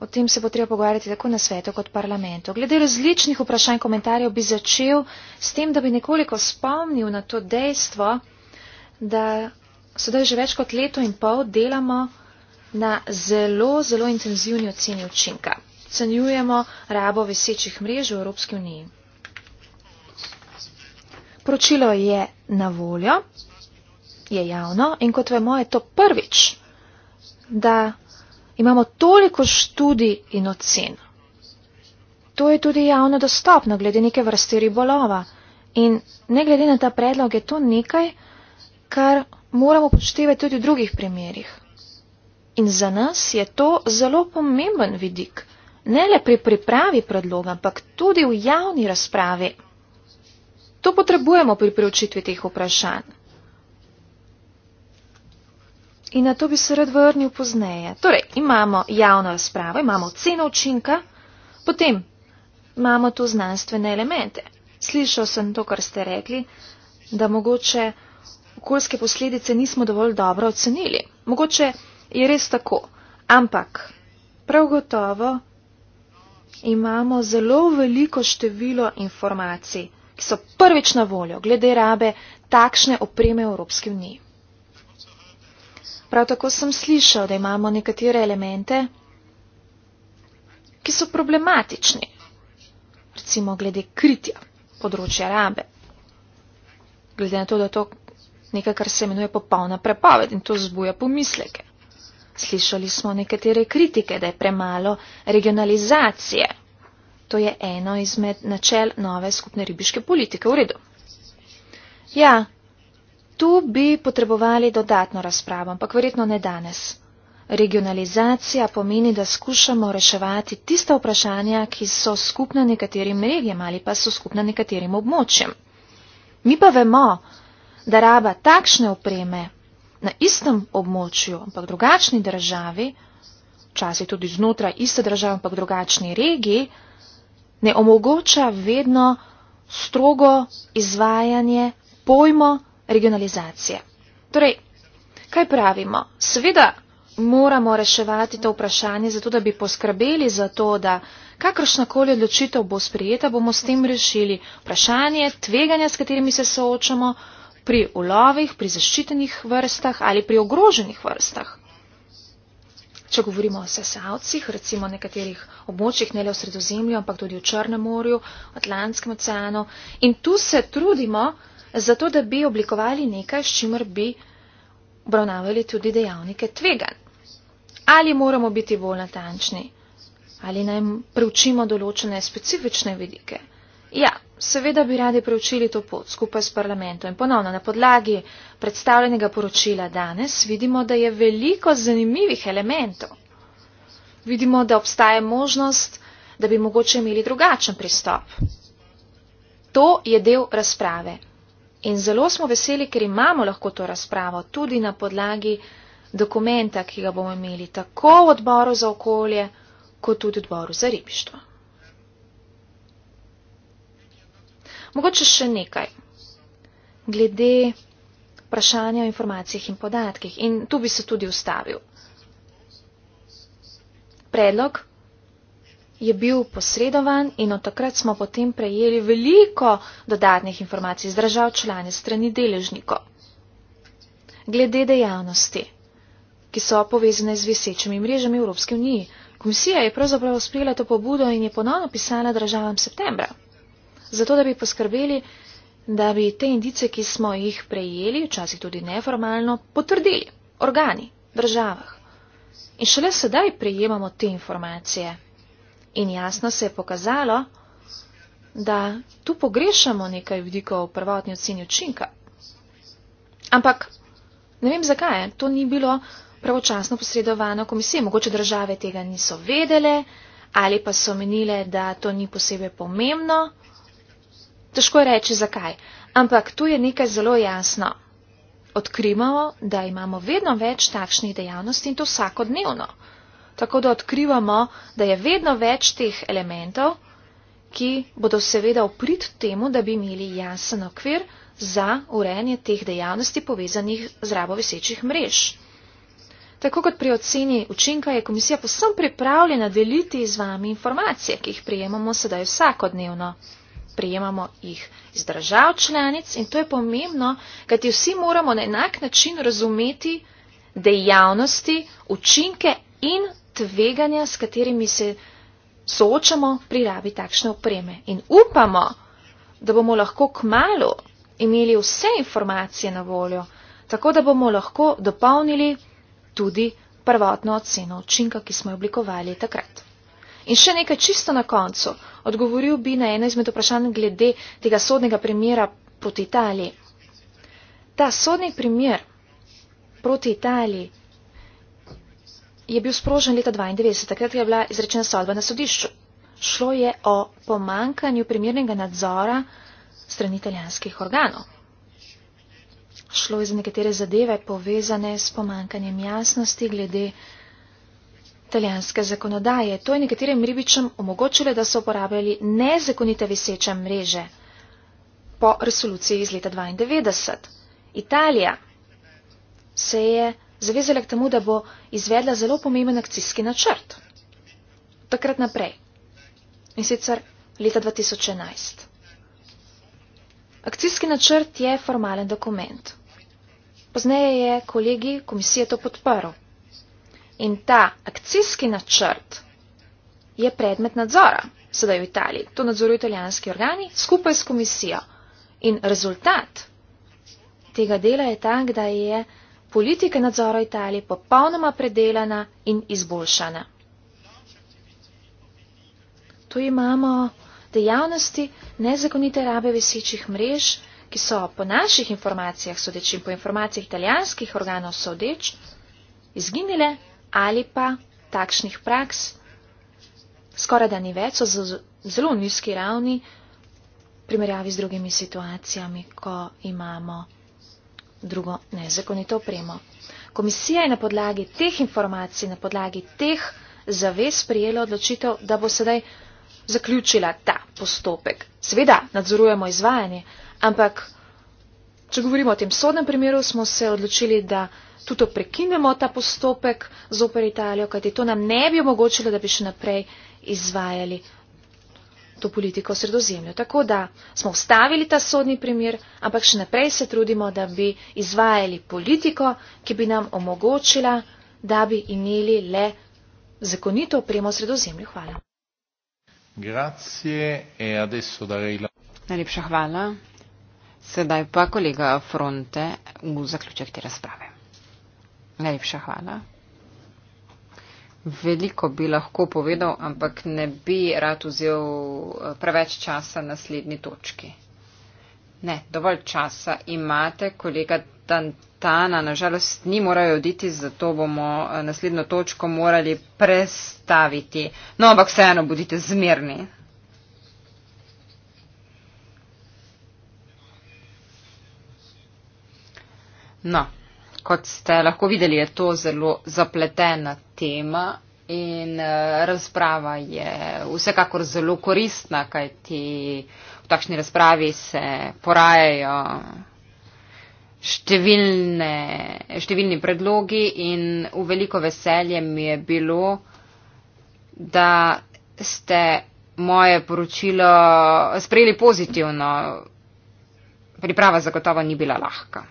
O tem se bo treba pogovarjati tako na svetu kot parlamentu. Glede različnih vprašanj in komentarjev bi začel s tem, da bi nekoliko spomnil na to dejstvo, da sedaj že več kot leto in pol delamo na zelo, zelo intenzivni oceni učinka. Cenjujemo rabo vesečih mrež v Evropski uniji. Pročilo je na voljo, je javno in kot vemo, je to prvič, da Imamo toliko študij in ocen. To je tudi javno dostopno, glede neke vrste ribolova. In ne glede na ta predlog, je to nekaj, kar moramo počtevati tudi v drugih primerjih. In za nas je to zelo pomemben vidik, ne le pri pripravi predloga, ampak tudi v javni razpravi. To potrebujemo pri preučitvi teh vprašanj in na to bi se rad vrnil pozneje. Torej, imamo javno razpravo, imamo ceno učinka, potem imamo tu znanstvene elemente. Slišal sem to, kar ste rekli, da mogoče okoljske posledice nismo dovolj dobro ocenili. Mogoče je res tako, ampak prav gotovo imamo zelo veliko število informacij, ki so prvič na voljo glede rabe takšne opreme v Evropski uniji. Prav tako sem slišal, da imamo nekatere elemente, ki so problematični, recimo glede kritja področja rabe, glede na to, da je to nekaj, kar se imenuje popolna prepoved in to zbuja pomisleke. Slišali smo nekatere kritike, da je premalo regionalizacije. To je eno izmed načel nove skupne ribiške politike. V redu. Ja, Tu bi potrebovali dodatno razpravo, ampak verjetno ne danes. Regionalizacija pomeni, da skušamo reševati tista vprašanja, ki so skupna nekaterim regijam ali pa so skupna nekaterim območjem. Mi pa vemo, da raba takšne opreme na istem območju, ampak drugačni državi, včasih tudi znotraj iste države, ampak drugačni regiji, ne omogoča vedno strogo izvajanje pojmo, regionalizacije. Torej, kaj pravimo? Seveda moramo reševati to vprašanje, zato da bi poskrbeli za to, da kakršnakoli odločitev bo sprijeta, bomo s tem rešili vprašanje tveganja, s katerimi se soočamo pri ulovih, pri zaščitenih vrstah ali pri ogroženih vrstah. Če govorimo o sesavcih, recimo nekaterih območjih, ne le v sredozemlju, ampak tudi v Črnem morju, v Atlantskem oceanu. In tu se trudimo, zato da bi oblikovali nekaj, s čimer bi obravnavali tudi dejavnike tvegan. Ali moramo biti bolj natančni? Ali naj preučimo določene specifične vidike? Ja, seveda bi radi preučili to pot skupaj s parlamentom in ponovno na podlagi predstavljenega poročila danes vidimo, da je veliko zanimivih elementov. Vidimo, da obstaja možnost, da bi mogoče imeli drugačen pristop. To je del razprave. In zelo smo veseli, ker imamo lahko to razpravo tudi na podlagi dokumenta, ki ga bomo imeli tako v odboru za okolje, kot tudi v odboru za ribištvo. Mogoče še nekaj glede vprašanja o informacijah in podatkih. In tu bi se tudi ustavil. Predlog je bil posredovan in od takrat smo potem prejeli veliko dodatnih informacij iz držav člani strani deležnikov. Glede dejavnosti, ki so povezane z visečimi mrežami Evropske unije, komisija je pravzaprav sprejela to pobudo in je ponovno pisala državam septembra. Zato, da bi poskrbeli, da bi te indice, ki smo jih prejeli, včasih tudi neformalno, potrdili organi, državah. In šele sedaj prejemamo te informacije. In jasno se je pokazalo, da tu pogrešamo nekaj vidikov prvotni oceni učinka. Ampak ne vem zakaj, to ni bilo pravočasno posredovano komisiji. Mogoče države tega niso vedele ali pa so menile, da to ni posebej pomembno. Težko je reči zakaj. Ampak tu je nekaj zelo jasno. Odkrivamo, da imamo vedno več takšnih dejavnosti in to vsakodnevno tako da odkrivamo, da je vedno več teh elementov, ki bodo seveda uprit temu, da bi imeli jasen okvir za urejanje teh dejavnosti povezanih z rabo visečih mrež. Tako kot pri oceni učinka je komisija posem pripravljena deliti z vami informacije, ki jih prijemamo sedaj vsakodnevno. Prijemamo jih iz držav članic in to je pomembno, kaj ti vsi moramo na enak način razumeti dejavnosti, učinke in tveganja, s katerimi se soočamo pri rabi takšne opreme. In upamo, da bomo lahko k malu imeli vse informacije na voljo, tako da bomo lahko dopolnili tudi prvotno oceno učinka, ki smo jo oblikovali takrat. In še nekaj čisto na koncu. Odgovoril bi na eno izmed vprašanj glede tega sodnega primera proti Italiji. Ta sodni primer proti Italiji je bil sprožen leta 1992, takrat je bila izrečena sodba na sodišču. Šlo je o pomankanju primernega nadzora strani italijanskih organov. Šlo je za nekatere zadeve povezane s pomankanjem jasnosti glede italijanske zakonodaje. To je nekaterim ribičem omogočilo, da so uporabljali nezakonite viseče mreže po resoluciji iz leta 1992. Italija se je zavezala k temu, da bo izvedla zelo pomemben akcijski načrt. Takrat naprej. In sicer leta 2011. Akcijski načrt je formalen dokument. Pozneje je kolegi komisije to podprl. In ta akcijski načrt je predmet nadzora, sedaj v Italiji. To nadzorujo italijanski organi skupaj s komisijo. In rezultat tega dela je tak, da je politike nadzora Italije popolnoma predelana in izboljšana. Tu imamo dejavnosti nezakonite rabe visečih mrež, ki so po naših informacijah, sodeč in po informacijah italijanskih organov sodeč, izginile ali pa takšnih praks skoraj da ni več, so zelo nizki ravni primerjavi z drugimi situacijami, ko imamo drugo nezakonito opremo. Komisija je na podlagi teh informacij, na podlagi teh zavez prijela odločitev, da bo sedaj zaključila ta postopek. Sveda nadzorujemo izvajanje, ampak če govorimo o tem sodnem primeru, smo se odločili, da tudi prekinemo ta postopek z oper Italijo, kajti to nam ne bi omogočilo, da bi še naprej izvajali to politiko v sredozemlju. Tako da smo ustavili ta sodni primer, ampak še naprej se trudimo, da bi izvajali politiko, ki bi nam omogočila, da bi imeli le zakonito opremo v sredozemlju. Hvala. E Najlepša hvala. Sedaj pa kolega Fronte v zaključek te razprave. Najlepša hvala. Veliko bi lahko povedal, ampak ne bi rad vzel eh, preveč časa na naslednji točki. Ne, dovolj časa imate, kolega Tantana, nažalost, ni morajo oditi, zato bomo eh, naslednjo točko morali prestaviti. No, ampak vseeno, bodite zmerni. No, kot ste lahko videli, je to zelo zapletena tema in eh, razprava je vsekakor zelo koristna, kajti v takšni razpravi se porajajo številne, številni predlogi in v veliko veselje mi je bilo, da ste moje poročilo sprejeli pozitivno. Priprava zagotovo ni bila lahka.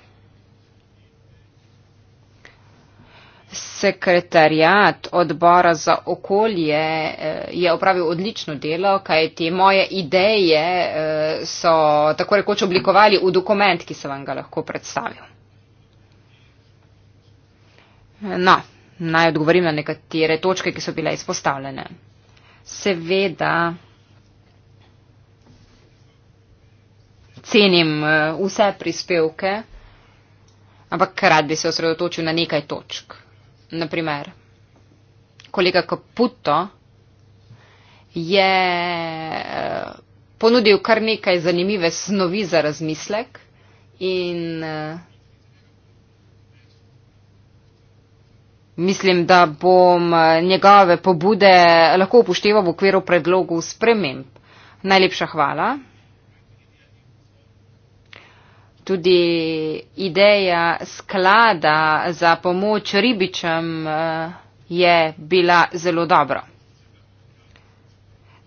Sekretarjat odbora za okolje eh, je opravil odlično delo, kaj te moje ideje eh, so tako rekoč oblikovali v dokument, ki sem vam ga lahko predstavil. No, naj odgovorim na nekatere točke, ki so bile izpostavljene. Seveda cenim eh, vse prispevke, ampak rad bi se osredotočil na nekaj točk naprimer, kolega Kaputo je eh, ponudil kar nekaj zanimive snovi za razmislek in eh, mislim, da bom eh, njegove pobude lahko upošteval v okviru predlogu spremem. Najlepša hvala tudi ideja sklada za pomoč ribičem eh, je bila zelo dobra.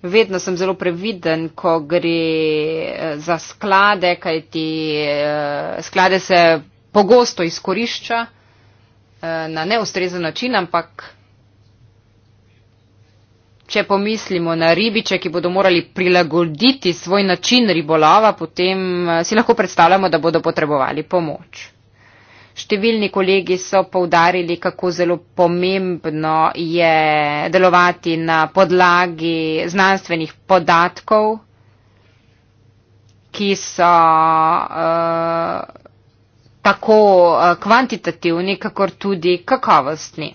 Vedno sem zelo previden, ko gre eh, za sklade, kajti eh, sklade se pogosto izkorišča na neustrezen način, ampak Če pomislimo na ribiče, ki bodo morali prilagoditi svoj način ribolava, potem eh, si lahko predstavljamo, da bodo potrebovali pomoč. Številni kolegi so poudarili, kako zelo pomembno je delovati na podlagi znanstvenih podatkov, ki so uh, tako eh, kvantitativni, kakor tudi kakovostni.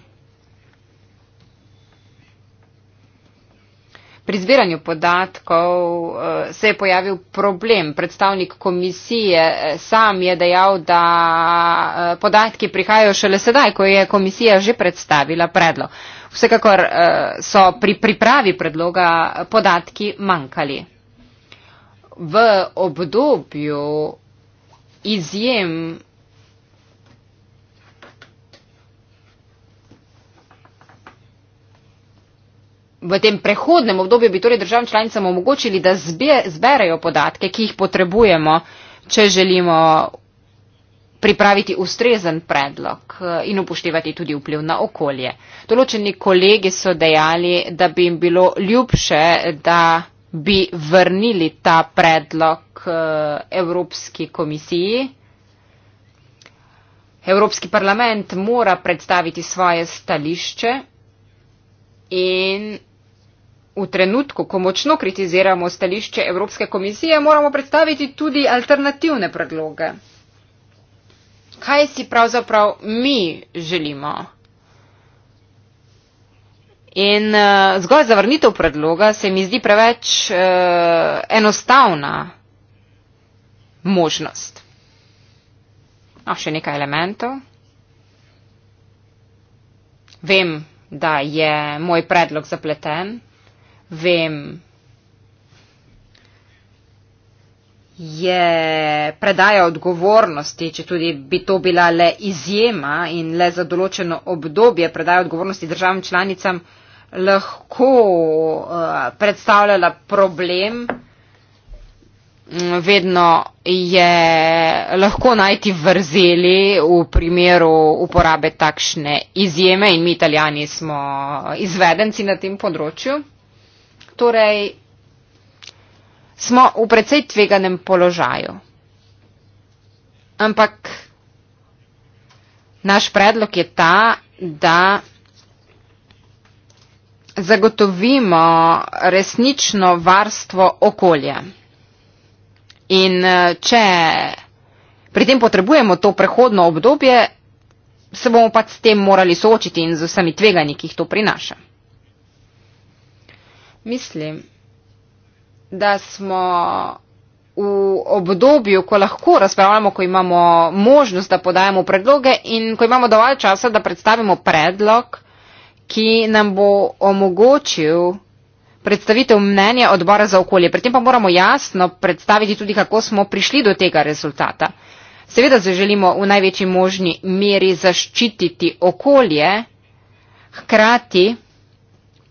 Pri zbiranju podatkov eh, se je pojavil problem. Predstavnik komisije eh, sam je dejal, da eh, podatki prihajajo šele sedaj, ko je komisija že predstavila predlog. Vsekakor so pri pripravi predloga podatki manjkali. V obdobju izjem v tem prehodnem obdobju bi torej državam članicam omogočili, da zberejo podatke, ki jih potrebujemo, če želimo pripraviti ustrezen predlog eh, in upoštevati tudi vpliv na okolje. Določeni kolegi so dejali, da bi jim bilo ljubše, da bi vrnili ta predlog eh, Evropski komisiji. Evropski parlament mora predstaviti svoje stališče in V trenutku, ko močno kritiziramo stališče Evropske komisije, moramo predstaviti tudi alternativne predloge. Kaj si pravzaprav mi želimo? In uh, zgolj zavrnitev predloga se mi zdi preveč uh, enostavna možnost. No, še nekaj elementov. Vem, da je moj predlog zapleten, vem, je predaja odgovornosti, če tudi bi to bila le izjema in le za določeno obdobje predaja odgovornosti državam članicam, lahko uh, predstavljala problem. Mm, vedno je lahko najti vrzeli v primeru uporabe takšne izjeme in mi italijani smo eh, izvedenci na tem področju torej smo v precej tveganem položaju. Ampak naš predlog je ta, da zagotovimo resnično varstvo okolja. In eh, če pri tem potrebujemo to prehodno obdobje, se bomo pač s tem morali soočiti in z vsemi tveganji, ki jih to prinaša. Mislim, da smo v obdobju, ko lahko razpravljamo, ko imamo možnost, da podajemo predloge in ko imamo dovolj časa, da predstavimo predlog, ki nam bo omogočil predstavitev mnenja odbora za okolje. Pri tem pa moramo jasno predstaviti tudi, kako smo prišli do tega rezultata. Seveda se želimo v največji možni meri zaščititi okolje, hkrati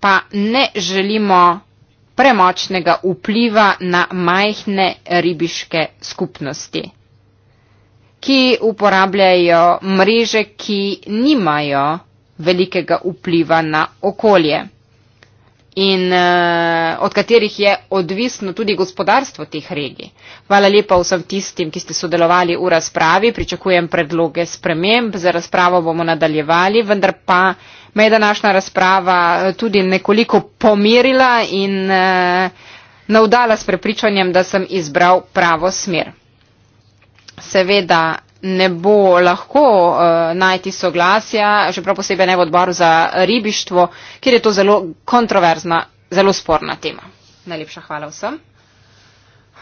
pa ne želimo premočnega vpliva na majhne ribiške skupnosti, ki uporabljajo mreže, ki nimajo velikega vpliva na okolje in uh, od katerih je odvisno tudi gospodarstvo teh regij. Hvala lepa vsem tistim, ki ste sodelovali v razpravi. Pričakujem predloge sprememb. Za razpravo bomo nadaljevali, vendar pa me je današnja razprava eh, tudi nekoliko pomirila in eh, navdala s prepričanjem, da sem izbral pravo smer. Seveda ne bo lahko eh, najti soglasja, še prav posebej ne v odboru za ribištvo, kjer je to zelo kontroverzna, zelo sporna tema. Najlepša hvala vsem.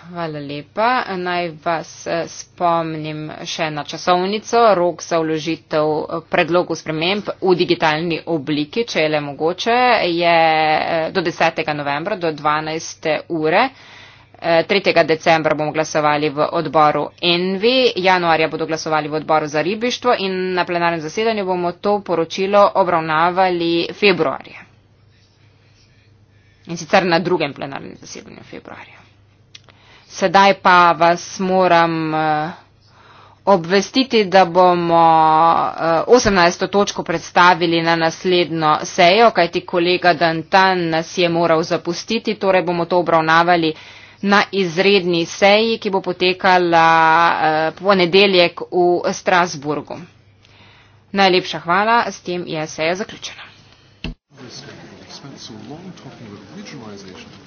Hvala lepa. Naj vas eh, spomnim še na časovnico. Rok za vložitev eh, predlogu sprememb v digitalni obliki, če je le mogoče, je eh, do 10. novembra, do 12. ure. 3. decembra bomo glasovali v odboru Envi, januarja bodo glasovali v odboru za ribištvo in na plenarnem zasedanju bomo to poročilo obravnavali februarja. In sicer na drugem plenarnem zasedanju februarja. Sedaj pa vas moram eh, obvestiti, da bomo 18. Eh, točko predstavili na naslednjo sejo, kajti kolega Dantan nas je moral zapustiti, torej bomo to obravnavali na izredni seji, ki bo potekala ponedeljek eh, v Strasburgu. Najlepša hvala, s tem je seja zaključena. We spent so long talking about regionalization.